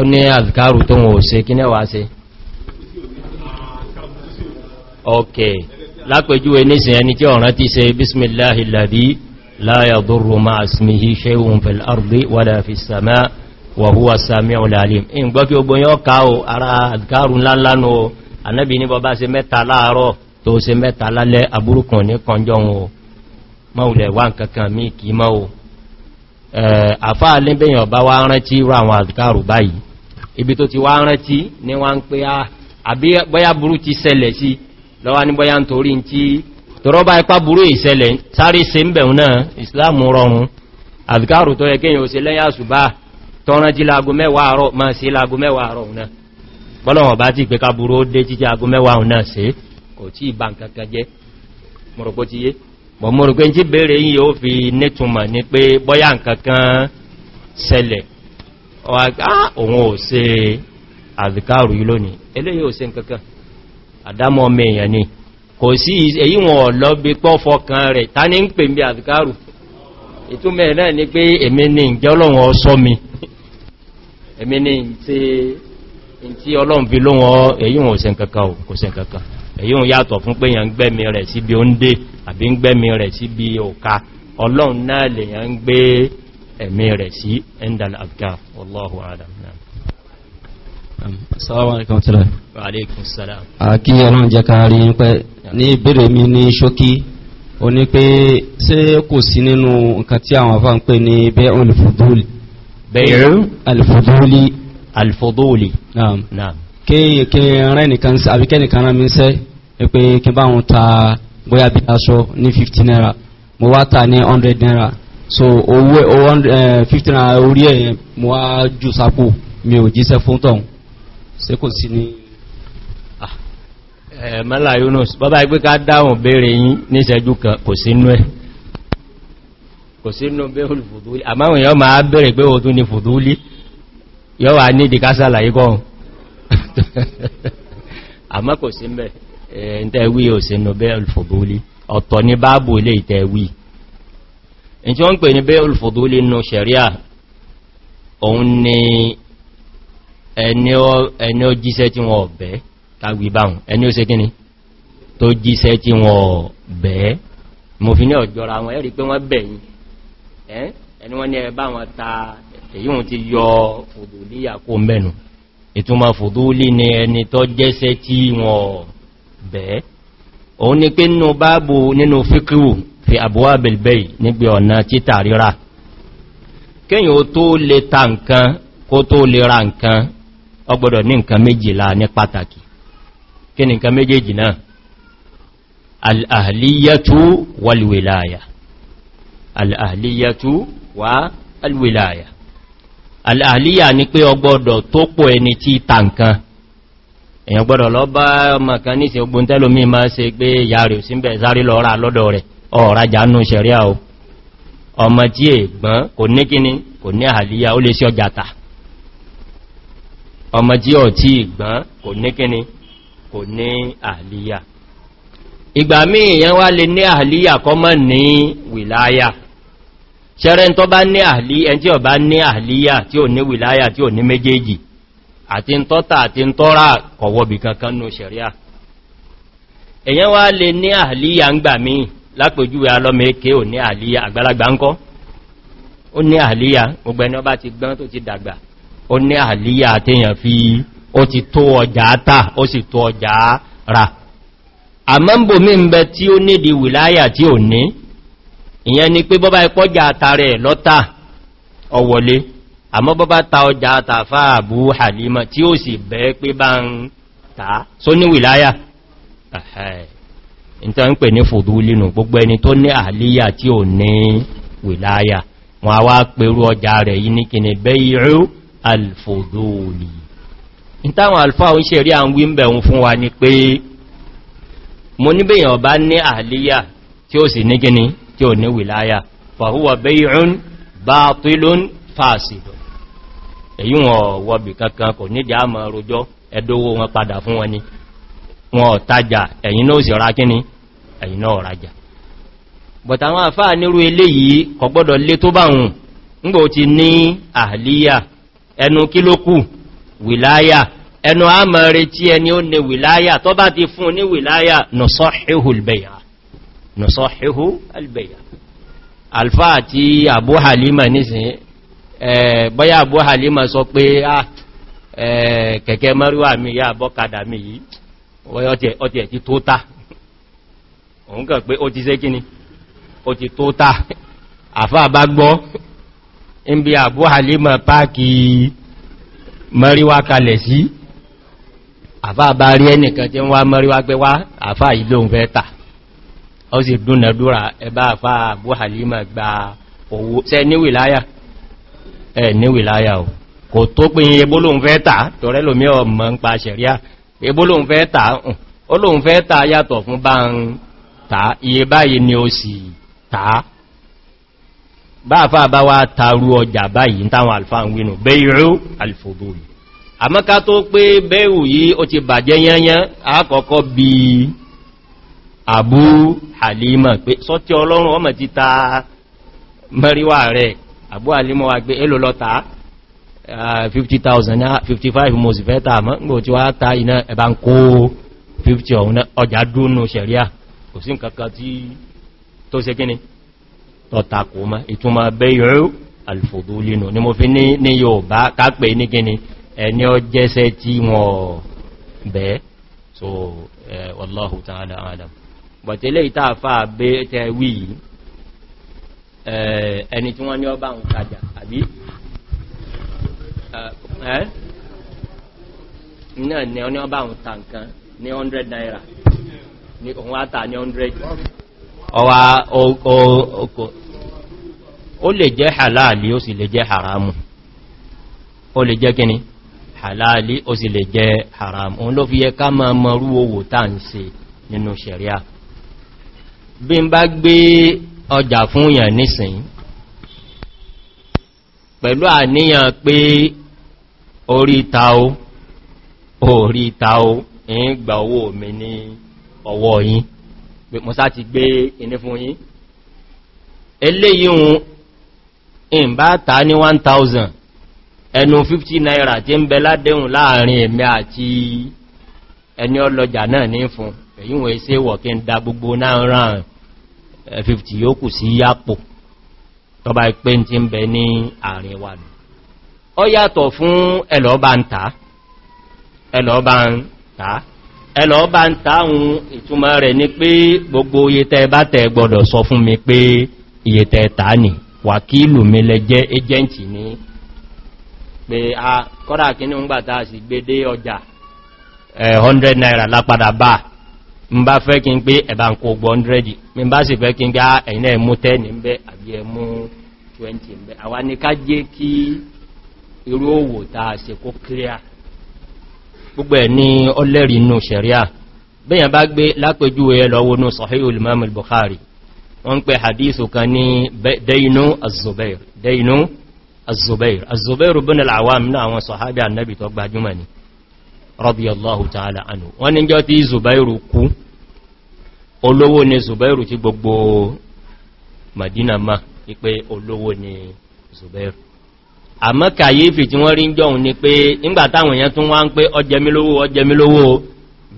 ó ní àzìkárù tó wọ́n ṣe kí nẹ́wàá ṣe ok lápẹjúwe nísìn ẹni tí ọ̀rán ti ṣe bismillahi alladhi la yadurru ma'a ismihi shay'un fil ardi wala fis sama' wa huwa as-sami'ul 'alim in gbọ́ kí ogbon yọ ká o ara àdìkárù ńláńlánú o anábi ní bọ́bá ṣe mẹ́ta láàárọ̀ tó ṣe mẹ́ta lálẹ́ aburukun ní kanjọ́ wọn o Eh, àfáà lẹ́bẹ̀yàn bá wá rántí rọ àwọn àdìkàrù báyìí ibi tó ti wá rántí ní wá ń pé ah, àbí bọ́yá burú ti ṣẹlẹ̀ sí lọ́wọ́ ní bọ́yá ń torí ń tí ipá burú sáré se ń bẹ̀rún náà ìsìláàmù rọrùn àdìkàrù tó yẹ kéyàn ó ti bọ̀ tí bèèrè yí fi nítùmọ̀ ní pé bọ́yá nkankan ṣẹlẹ̀ ah, òun ò se ose yí lónìí eléyìí ò se nkankan àdámọ́ mẹ́yàn ni kò sí èyí lọ bí ta ní ń pè ìtúmẹ̀ náà ni pé èmi ni ìjẹ́ ni èyí ń yàtọ̀ fún pé yàn ń gbẹ́mi rẹ̀ sí bí ó ń dé àbí ń gbẹ́mi rẹ̀ sí bí òka ọlọ́run náà lè yàn ń gbé ẹ̀mí rẹ̀ sí endal afghan wallahu adam náà Assalamu alaikum tẹ́lẹ̀. Wa alaikum salam. A kí ọlọ́run jẹ́ ká rí ń pẹ́ ní ìbéèrè mi ní ṣókí, ó ní pé ṣé kò sí nínú nǹkan tí àwọn afá ń mi ń pé kí n bá wọn ta bóyá bí aṣọ ní fifty naira mo wá ta ní hundred naira so owó fifty naira orí ẹ̀ yẹn mo wá jù sápò mi ò jíṣẹ́ fún tọ̀hún ṣé kò sí ní. Ah. mọ́là Yunus bàbá ìgbé ká dáhùn béèrè yín níṣẹ́jú kan kò sínú ẹ̀ kò sínú bẹ́ẹ̀ olùfòdúlé àmáwọn èèyàn máa béèrè pé òtún ni fòdúlé yọ́ wà ní ìdíkásàlàyé kọ́ [laughs] àmọ́ kò sí mẹ́ ìtẹ́wí ò sí inú bẹ́ olùfòdólí ọ̀tọ̀ ní báàbù ilé ìtẹ́wí in tí wọ́n pè ní bẹ́ olùfòdólí inú sẹ̀ríà òun ni ẹni ó jíṣẹ́ tí wọ́n bẹ́ kágbì báhùn ẹni ó ṣe kíni tó jíṣẹ́ tí wọ́n bẹ́ mo fi ní ọ̀jọ́ra wọn ẹ̀rí pé ní ẹni tó jẹ́ṣẹ́ tí wọ́n bẹ̀ẹ́ òun ni pé nínú báàbù nínú fíkíwù fi àbúwà bẹ̀lbẹ̀ nígbé ọ̀nà títà ríra kíyàn ó tó lè ta nǹkan kó tó lè ra nǹkan ó ní nǹkan méjìlá ní pàtàkì kí ni nǹkan méjèèjì náà al wal-wilaya al ni pé ó tó pọ̀ ẹni tí ta nǹkan èyàn gbọ́dọ̀ lọ bá ọmọ kan ní ṣe ogun tẹ́lómí máa ṣe pé ìyá rẹ̀ síbẹ̀ sáré lọ ra lọ́dọ̀ rẹ̀ ọ̀rajà nù ṣẹ̀ríà o ọmọ tí è gbọ́n kò ní kíní kò ní àhàlíyà ó lè ṣe ọjà tà ọmọ tí ọ̀ tí gbọ́n kò ní kíní kò ní àhàlíyà àti ń tọ́ta àti ń tọ́ra kọ̀wọ́bì kankan ní ṣẹ̀ríà èyàn wá lè ní àhàlíyà ń gbà mí lápòjúwẹ́ alọ́mẹ́kẹ́ ò ní àhàlíyà àgbàlagbà ń kọ́ ó ní àhàlíyà gbogbo ẹni ọba ti gbọ́n tó ti dàgbà ó ní àhàlíyà àtẹ́yàn fi ó ti tó ọjà tà ó sì tó ọjà rà àmọ́mbò mí àmọ́ bọ́ bá ta ọjà tàfà àbú halima tí ó sì bẹ́ pé bá ń ta só ní wìláyà ìta ń pè ní fòdú línú gbogbo ẹni tó ní àlíyà tí ò ní wìláyà wọn a wá pẹ̀rú ọjà rẹ̀ yìí ní kìnnì bẹ́yìí alfòdóòlì ìtàwọn alfáà ń ṣe bá pílún fásidọ̀ èyí wọn wọ́bì kankan kò nídìí àmà rojọ́ ẹ̀dówó wọn padà fún wọn ni wọn tajà ẹ̀yìn náà sì ra kíní ẹ̀yìn náà rajà but àwọn àfáà nírú ilé yìí kò lé tó bá hùn ńgbò ti ní àhàlíyà ẹnu kiloku wilaya wìláyà ẹnu àmà retí ẹni ó ní wìláyà tó bá ti fún ní wìláyà nùsọ́híhù Eh, bọ́yá abụọ halima sọ pé a ah, eh, kẹ̀kẹ́ mi ya bọ́kadà mi yìí ọtí ẹ̀tí tó tá òun kàn pé ó ti sé kíni ó ti tó tá àfá bá gbọ́ ń bí àbú halima páàkì mẹ́rìwà kalẹ̀ sí àfá bá rí ẹnìkan tí wá mẹ́rìwà pé wá àfá ìlóhun fẹ́ tà ó sì dúnàdúrà ẹbá àfá àbú halima ẹ̀ ní wìláyà ò kò tó pín ebólóhun fẹ́ tà tọ́rẹ́ lómí ọmọ ń pa ṣẹ̀ríà ebólóhun fẹ́ tà olóhun fẹ́ tà yàtọ̀ fún bá ń tà iye báyìí ni ó sì tà báàfà bá wá taru ọjà báyìí táwọn alfa ń wínú bẹ́ẹ̀rù alfòdóòlù àmọ́ká tó pé bẹ́ẹ̀rù yìí ó ti bàjẹ́ yányán àkọ́kọ́ bí i halima pé sọ́tí ọlọ́run ọmọ ti mẹ́ríwà rẹ̀ àbú àlímọ̀ wà gbé èlò lọ́ta 50,000 55 mo sì fẹ́ tààmọ́ ngbò tí wá ta iná ẹ̀bá ń kó 50 ọ̀hún ọjà dúnú sẹ̀ríà kò sí nǹkankan tí tó ṣe kíni tọ́ta kò mọ́ ìtumọ̀ bẹ́yọ̀ alfòdó lẹ́nu ni mo fi ní yóò so wallahu ta'ala alam but ele ita fa be te Eh, ẹni tí wọ́n ní ọba ń tajà àbí ẹ́ eh, eh? náà ni ọ ní ọba ń ta nǹkan ní 100 naira ní òun àtà ní 100 ọwá ọkọ̀ ó lè jẹ́ halali ó sì lè jẹ́ haramu ó lè jẹ́ kíni halali ó sì lè jẹ́ haramu òun ló fi yẹ ká máa mọrú owó tàà ń ṣe nínú ṣẹ̀ríà bí n bá gbé ọjà fún yàn nísìn pẹ̀lú àníyàn pé orí tao orí tao ń gba owó mi ní ọwọ́ yín pé mọ́sá ti gbé iní fún yín eléyìí ń bá ta ní 1000 ẹnu 50 naira tí ń bẹ ládéhùn láàrin èmi àti ẹni ọlọ́jà náà ní fún èyí wọ́n èsẹ́ wọ̀ ń da gbogbo náà ránrùn 50 yóò kù sí yàpò tọba ìpé tí ń bẹ ní àárín wa nù ọ yàtọ̀ fún ẹlọ́ọ̀bá ń ta ẹlọ́ọ̀bá ń ta ẹlọ́ọ̀bá ń ta ń ìtumọ̀ rẹ̀ ní pé gbogbo iye tẹ bá tẹ gbọdọ̀ sọ fún mi pé iye tẹ ta nì wàkílù mi lẹ jẹ́ ní pé ah, a kọ́dà kí ní ń gbàtà sì gbé dé ọjà 100 naira lápadà báà ń bá fẹ́ kí n pé ẹ̀bà ń kò gbọ́ 100 mi bá sì fẹ́ kí n gá ah, ẹ̀yìn náà mú 10 ní bẹ́ àbí ẹmú 20 bẹ́ àwa ní ká jẹ́ kí irú òwò ta ṣe kó kíríà gbogbo ẹ̀ ní ọlẹ́rì inú ṣẹ̀ríà bẹ́yàn bá gbé lápẹjú ẹ imam al-bukhari wọ́n hadithu kan ní dẹ́inú az-zubair dẹ́inú az-zubair az-zubair bin al-awam náà radiyallahu ta'ala anhu wọ́n ní jọ tí zubairu kú olówó ni zubairu tí gbogbo madina ma wípé olówó ni zubairu àmọ́ kàyéfì tí wọ́n rí ń jọun ni pé nígbà táwọn èèyàn tún wá ń pé ọjẹmílówó ọjẹmílówó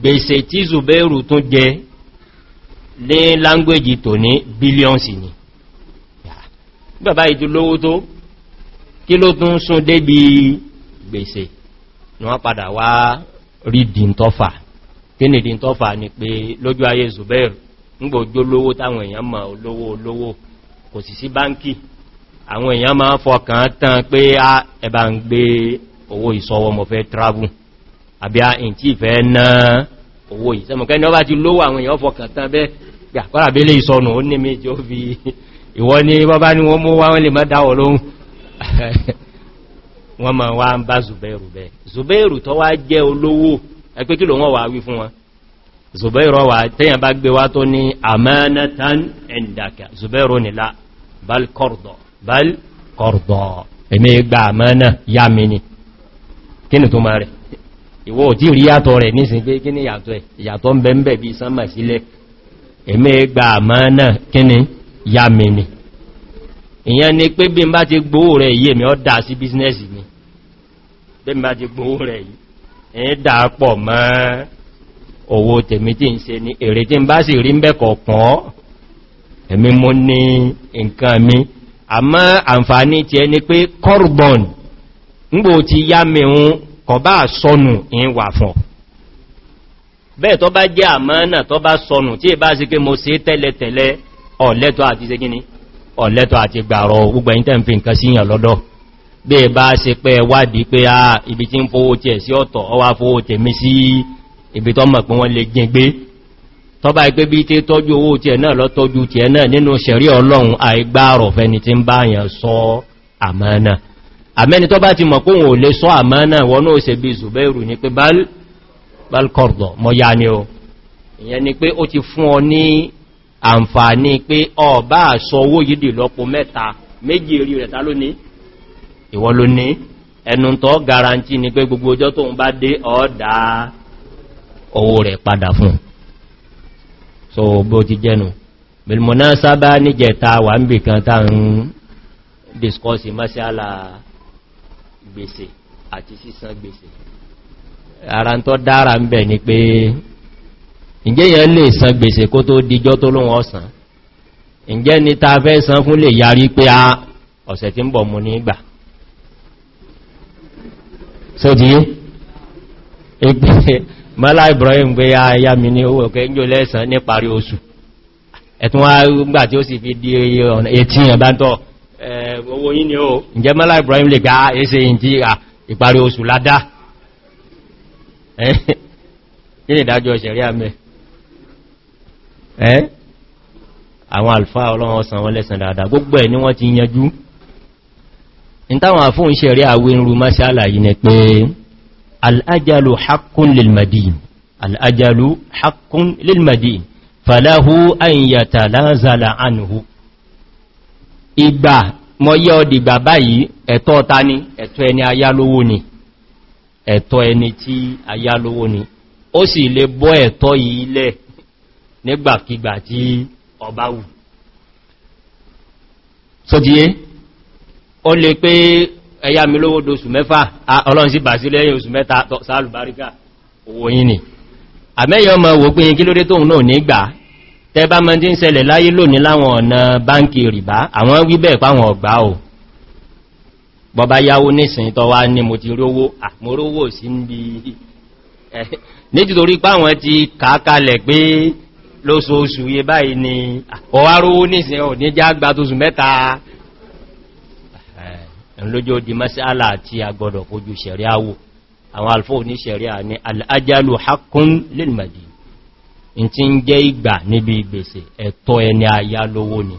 gbèsè tí zubairu tún jẹ ní láńgbèjì tò ní bílíọ̀nsì ni bàbá ìdúlówó tó kí ló tún sún débi gbèsè ni wọ́n padà wá rí dìntọ́fà kí ni dìntọ́fà ni pé lójú ayé zubair ńgbò jólówó táwọn èèyàn mọ̀ olówó olówó kò sì sí báńkì àwọn èèyàn máa fọkàn tán pé a ẹba ń gbé owó ìsọwọ́ mọ̀ fẹ́ travel àbí a ìn tí ìfẹ́ ná owó ìsẹ́mọ̀kẹ́ ní ọba ti ni bọ́bá ni wọ́n mú [laughs] wọ́n ma wá ń bá zùbẹ́rù bẹ́ zùbẹ́rù tó wá jẹ́ olówó ẹgbẹ́ kí ló wọ́n wà wí fún wọn zùbẹ́rù wà tẹ́yàn bá gbé wá tó ní amánátán ẹ̀ndàkà zùbẹ́rù nílá balkọ̀rọ̀dọ̀ balkọ̀rọ̀dọ̀ èmé gba amánà yá ni kí ni tó máa rẹ̀ ìwọ ò tí rí yàtọ̀ rẹ̀ ìyẹn ni pé bí n bá ti gbówó rẹ̀ yé mi ọ́ dá sí bísínẹ́sì ni bí n bá ti gbówó rẹ̀ yìí ẹ̀ dàápọ̀ mọ́ owó tèmi tí ń ṣe ní èrè tí ń bá sì rí mẹ́kọ̀ kan ẹ̀mí mú ní nǹkan mi àmọ́ àǹfààní ti ẹni pé corbon ngbò ti yá mẹ́un kọ bá sọnù in wà fún bẹ́ẹ̀ tó bá jẹ́ àmọ́nà tó bá sọnù tí ìbá sí pé mo sí tẹ́lẹ̀tẹ́lẹ̀ ọ̀lẹ́tọ̀ àti gbàrọ̀ gbogbo ẹ̀yìn tẹ́ ń fi nǹkan síyàn lọ́dọ̀ bí ẹ bá ṣe pé wádìí pé a ah, ibi tí ń fowó tí ẹ̀ sí ọ̀tọ̀ ọwá fowó tèmi sí ibi tó mọ̀ pé wọ́n lè jìn gbé tọ́bá ipé bí tí tọ́jú owó tí ẹ̀ náà lọ tọ́jú tí ẹ̀ náà nínú ṣẹ̀rí ọlọ́run àìgbárọ̀ fẹni tí ń bá yàn sọ àmánà àmẹ́ni tó bá ti mọ̀ ìwọ ló ní ẹnu garanti ni pé gbogbo ọjọ́ tóun bá dé ọ̀dá owó rẹ̀ padà fún so bó ti jẹnu bilmọ̀ná sábá níjẹta wà ń bì kan tá ń discourse masala gbèsè àti sísan gbèsè ara tó dára ń bẹ̀ ni pé ǹjẹ́ yẹn lè san gbèsè kó tó díjọ́ tó lóhun ọ̀sán ǹjẹ́ ni ta fẹ́ san fún lè yarí pé a ah, ọ̀sẹ̀ tí ń bọ̀ mú ní ìgbà so di ẹgbẹ́ mọ́lá Ibrahim gbé ya ya mi ní owó ọ̀kẹ́ ìjọ lẹ́sàn ní parí oṣù ẹ̀tún wá gbà tí ó sì fi di ọ̀nà etí ẹ̀bá tọ́ owó yí ni ó ǹjẹ́ mọ́lá Ibrahim lè gá ẹsẹ̀ ìdí ìparí oṣù ládá kí ni ìdájọ́ ìṣẹ̀rí àmẹ́ àwọn àlfáà ọlọ́run ọ̀sán wọn lẹ́sàn dáadáa gbogbo ẹ̀ ni wọ́n ti yanjú ìtàwọn àfún iṣẹ́ rí àwínrú mọ́ṣálà yìí ni pé al'ajalu haqqun lilmadin al'ajalu haqqun lilmadin falahu an yata lázala anhu ìgbà mọ́ yẹ́ ọdìgbà báyìí ẹ̀tọ́ ta ní ẹ̀tọ́ ẹni ayálówó ni ẹ̀tọ́ ẹni tí ayálówó ni ó sì lè bọ́ ẹ̀tọ́ yìí lẹ̀ nígbàkígbà tí ọba wù so, ó lè pé ẹ̀yà mi lówó dóṣù mẹ́fà ọlọ́run sí bà sí lẹ́yìn oṣù mẹ́ta sálùbáríkà owó yìí ni àmẹ́yàn ọmọ wò pín kí lórí tóun náà nígbà tẹbá mọ́ tí ń ṣẹlẹ̀ láyé lónìí láwọn ọ̀nà báńkì rìbá àwọn wíbẹ̀ páwọn ọ̀gbá ò bọ́bá yáwó nísìn tọ́ wá [laughs] ni ọwárówó nísìn ò lójó di masala àti agbọ́dọ̀ kojú ṣẹ̀ríà wò àwọn alfó ní ṣẹ̀ríà ní al'ajalu hakun lilmadi in ti ń jẹ́ ìgbà níbi ìgbèsè ẹ̀tọ́ ẹni àyà lówó ni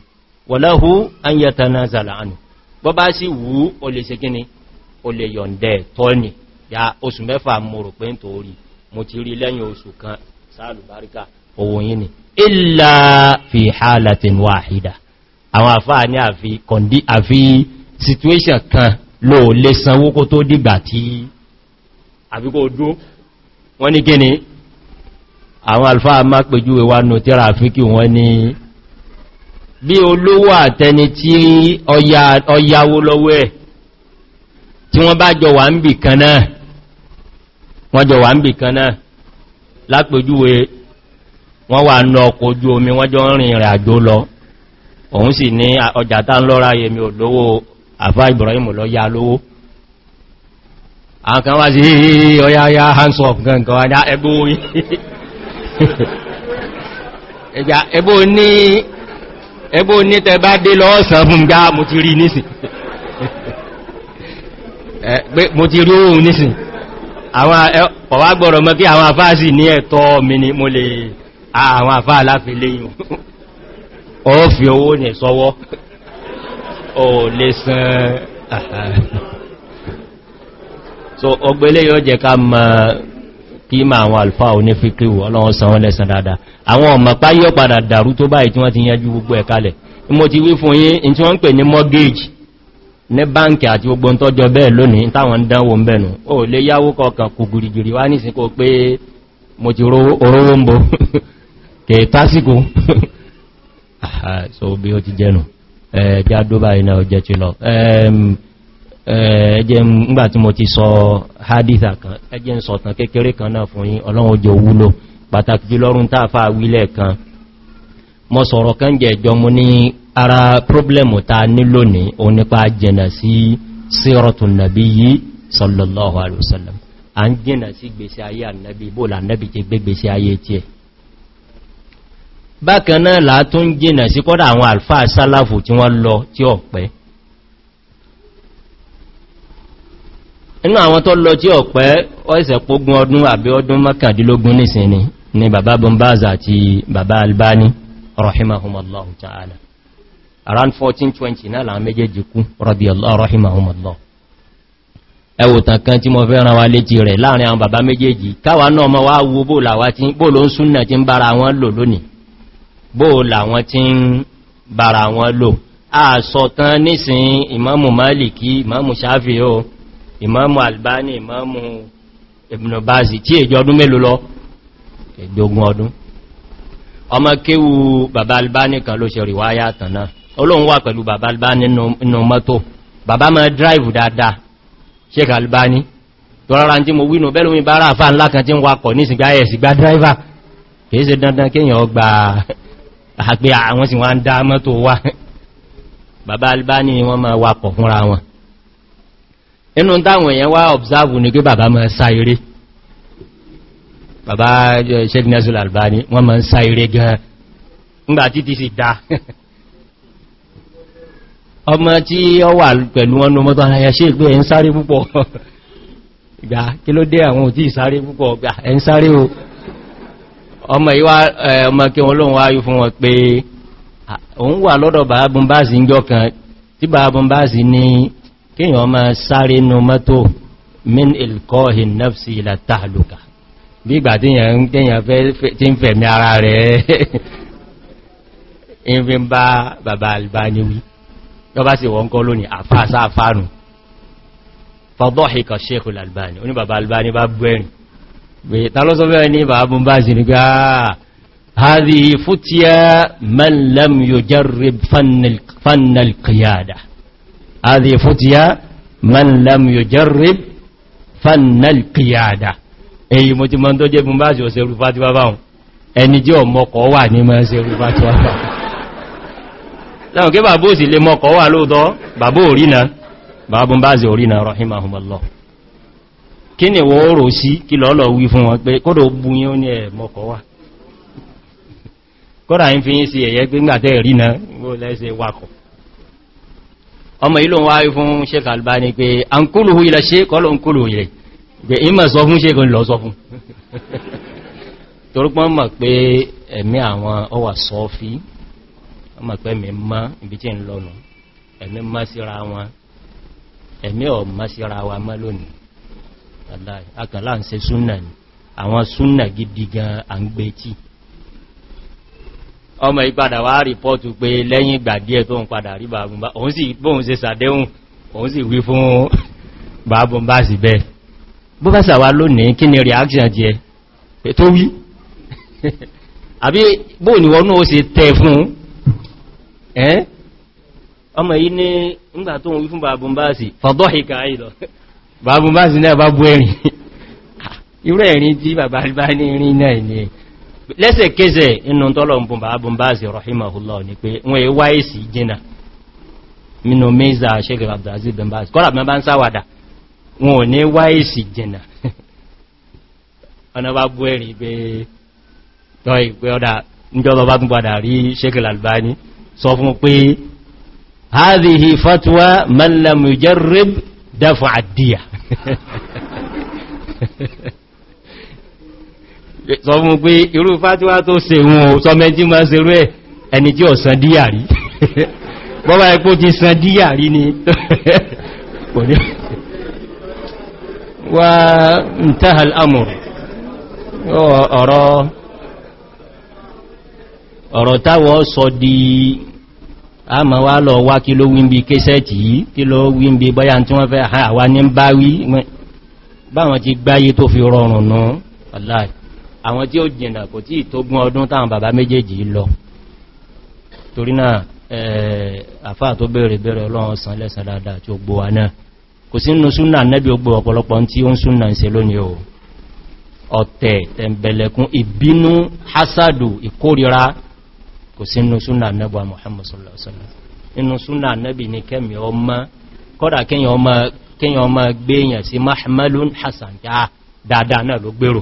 wọ́láhú an yẹ tana zala'anu bọ́ bá sì wú o lè ṣe kíni o lè yọ̀ndẹ̀ tọ́ ni ya oṣù mẹ́fà mo rò pé ń torí mo ti rí lẹ́yìn oṣù kan sáàlù báríkà owó yìí ni illa fi halatin wahida àwọn àfáà ní àfi situation kan lo lè sanwó kó tó dìgbà tí àbíkò dó wọ́n ní kíni àwọn alfáà má pèjú ìwà nù tí ràfíkì wọ́n ní bí olówó àtẹni tí ọyáwó lọ́wọ́ ẹ̀ tí wọ́n bá jọ wà ń bì kan náà wọ́n jọ wà ń bì kan náà lápèjúwe wọ́n wà nọ ọkọ̀ ojú omi wọ́n jọ rìn ìrìn àjò òun sì ní ọjà tá ń lọ́ra yẹmi olówó àfá Ibrahim lọ ya lówó àwọn kan wá sí ọya ya hands off gangan wá [laughs] ní ẹgbó oyin ẹgbó ní ẹgbó ní tẹbá dé lọ sàn fún gá mo ti rí nísìn [laughs] mo ti rí ohun nísìn àwọn ọ̀wá gbọ́rọ̀ mọ́ kí àwọn àfá sì ní ẹ̀tọ́ mi ni mo lè àwọn àfá aláfilé yìí [laughs] ó fi owó ní sọ́wọ́ o lè san so ọgbẹ̀lẹ̀ yóò jẹ ká ma kí ma àwọn alfa onífikíwò ọlọ́run san wọ́n lẹ́san dáadáa àwọn ọmọ páyọ́ padà dàrú tó báyìí tí wọ́n ti yanjú gbogbo ẹ̀ kalẹ̀ ti wí fún yín in tí wọ́n ń mortgage ní àti gbogbo ń tọ́jọ bẹ́ẹ̀ lónìí táwọn ń dánwò ń bẹ̀nu o lè yáwó kọkàn kò gùrìgìrì wá [laughs] [laughs] ẹ̀ẹ́dí àdóbà iná ọjẹ́ ti lọ ẹ̀ẹ́jẹ́ ńgbà mo ti sọ haditha kan ẹjẹ́ ń sọ̀tàn kékeré kan náà fún yí ọlọ́run jẹ òwúlò pàtàkì jù lọ́rún tàà fà wílẹ̀ kan mọ́ sọ̀rọ̀ kan jẹ́ ẹjọ́ mú ní ara problemu ta ní lónìí o nípa jẹ́nà sí sírọ̀tún nàbí yí sallallahu bákan náà látún jìnà sí kọ́dá àwọn alfa sálàfù tí wọ́n lọ tí ọ̀pẹ́ inú àwọn tó lọ tí ọ̀pẹ́ ọ́ìsẹ̀ pógún ọdún àbí ọdún mọ́kàndínlógún nìsìn ni ni bàbá bombaza àti bàbá albani kan tí mo fẹ́ ran wa rẹ̀ láàrin àwọn bàbá méjèèjì náà mọ́ wá wo bóòlà wá tí bóòlò ń súnnà tí ń bára wọn bó làwọn tí ń bára wọn lò àṣọ̀tán nísìn ìmámù Málìkì ìmámù Ṣáfì o ìmámù Albani ìmámù Ibn Bazi tí èjọ ọdún mélòó lọ èjọgún ọdún ọmọ kéwú bàbá Albani kan ló ṣe ríwáyà tàn náà olóhun wà pẹ̀lú bàbá Albani nínú mọ́tò bàbá máa dráìvù dáadáa Sheikh Albani tó rárá tí mo wínú bẹ́lú mi bá ráfà ńlá kan tí ń wakọ̀ ní ìsìngbà àpé àwọn sì wọ́n dá mọ́tò wá bàbá albani wọ́n ma wakọ̀ fúnra wọn inú táwọn èèyàn wá observe ní pé bàbá ma sá eré bàbá eh, sheik nasul albani wọ́n ma ń sá eré gan ńgbà títí sì dá ọmọ tí ó wà pẹ̀lú wọn ní mọ́tò ayà sheik pé ẹ ń sáré [laughs] ọmọ ìwá ọmọ kí wọn lóhun wáyú fún wọn pé òun wà lọ́dọ̀ bàábùn báàsì ń jọkàn tí bàábùn báàsì ní kíyàn ọmọ sáré nú mọ́tò min ilkohin nafsi ila tahluka bí ìgbà tí yàn ń ara rẹ̀ [laughs] in ìtàlọ́sọ́fẹ́ ní bàábùn bá sí ní pé ah, ààrí fútíyà mẹ́lẹ̀m yóò jẹ́rì fannal kìyàdà ààrí fútíyà mẹ́lẹ̀m yóò jẹ́rì fannal kìyàdà èyí mo ti mọ́ tó jẹ́ bùn bá sí ọ̀sẹ̀ rúfà tí wá báhùn ẹni jẹ́ ọmọkọ̀ wà ní mọ́ ẹsẹ̀ rúfà tí wá báhùn láwọn kí bàbó sì lè mọ́kọ̀ wà lóòtọ́ bàbó òrìnà bàbùn bá sí òrìnà rahimahumallah kí ni wọ́n rò sí kí lọ́lọ́ wí fún wọn pé kódò búyín ó ní ẹ̀ mọ́kọ̀ wà kódà ń fi yí sí ẹ̀yẹ́ pé ńgbàtẹ́ ìrìnà lẹ́sẹ̀ wakọ̀ ọmọ ìlú wá fún Sheikh Albani pé ankúlùhù ilẹ̀ ṣe kọ́lọ̀ nkúlù ilẹ̀ pé ìmọ̀ sọ fún Sheikh lọ sọ fún [laughs] torúpọ̀ mọ̀ pé ẹ̀mí àwọn ọwà sọ́fí ọmọ pé mi mọ́ ibi tí ń lọ́nu ẹ̀mí mọ́ wa mọ́ lónìí wallahi akànlá ń ṣe súnnà ni àwọn súnnà gidi gan à ń gbé tí ọmọ ìpadà wá rìpọ́tù pé lẹ́yìn ìgbà díẹ̀ tó ń padà rí bàbùnbá òun sì bóhun ṣe sàdéhùn òun sì wí fún bàbùnbá sì bẹ́ẹ̀ bó bá sàwà lónìí kí ni reaction jẹ pé tó wí [laughs] àbí bóò ní wọnú ó ṣe tẹ fún ọmọ yìí ní ìgbà tó ń wí fún bàbùnbá sì fọ́dọ́hìkà ìlọ [laughs] bàbú bá sí náà bá bú ẹ̀rin irú ẹ̀rin tí bàbá bá ní ìrìn náà ni lẹ́sẹ̀kẹsẹ̀ inú tọ́lọ̀mbùn bàbú bá sí rahimahullah ni pé wọ́n èé wá èsì jìnà minú mẹ́za sheikh abdulaziz bin baz kọ́lá mẹ́ sọ fún pé هذه فتوى من لم يجرب دفع الديه [laughs] sọ fún pé irú fátíwá tó se wọn ò sọ mẹ́jí máa se rú ẹ̀ ẹni tí ọ̀sán díyàrí [laughs] bọ́bá ẹkó ti san díyàrí ni wà ń tàhàl amur ọ̀rọ̀ táwọ̀ sọ di a ma wá lọ wá kí ló wí ń bí kéṣẹ́ẹ̀tì yìí kí ló wí ń bí bọ́yá tí wọ́n fẹ́ àwà ní bá wí báwọn ti gbáyé tó fi rọrùn nù aláì àwọn tí ó jìnà kò tí ìtógún ọdún táwọn bàbá méjèèjì lọ torí náà eh, àfá tó bèèrè bèèrè ọlọ́run san lẹ́sàn dáadáa tí ó gbò wà náà kò sí nínú súnà nẹ́bí ó gbò ọ̀pọ̀lọpọ̀ tí ó ń súnà ń se lónìí o ọ̀tẹ̀ tẹ̀m̀bẹ̀lẹ̀kún ìbínú hásàdù ìkórira kò sí inú súnà anẹ́bà Muhammad sallallahu alaihi wasallam inú súnà anẹ́bì ni kẹ́mì ọmọ kọ́dà kíyàn ọmọ gbéyàn sí mahmalun hasan já ah, dáadáa náà ló gbèrò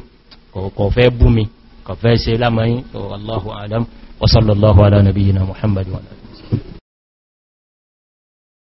kò fẹ́ bú mi kò fẹ́ ṣe lámọ́yìn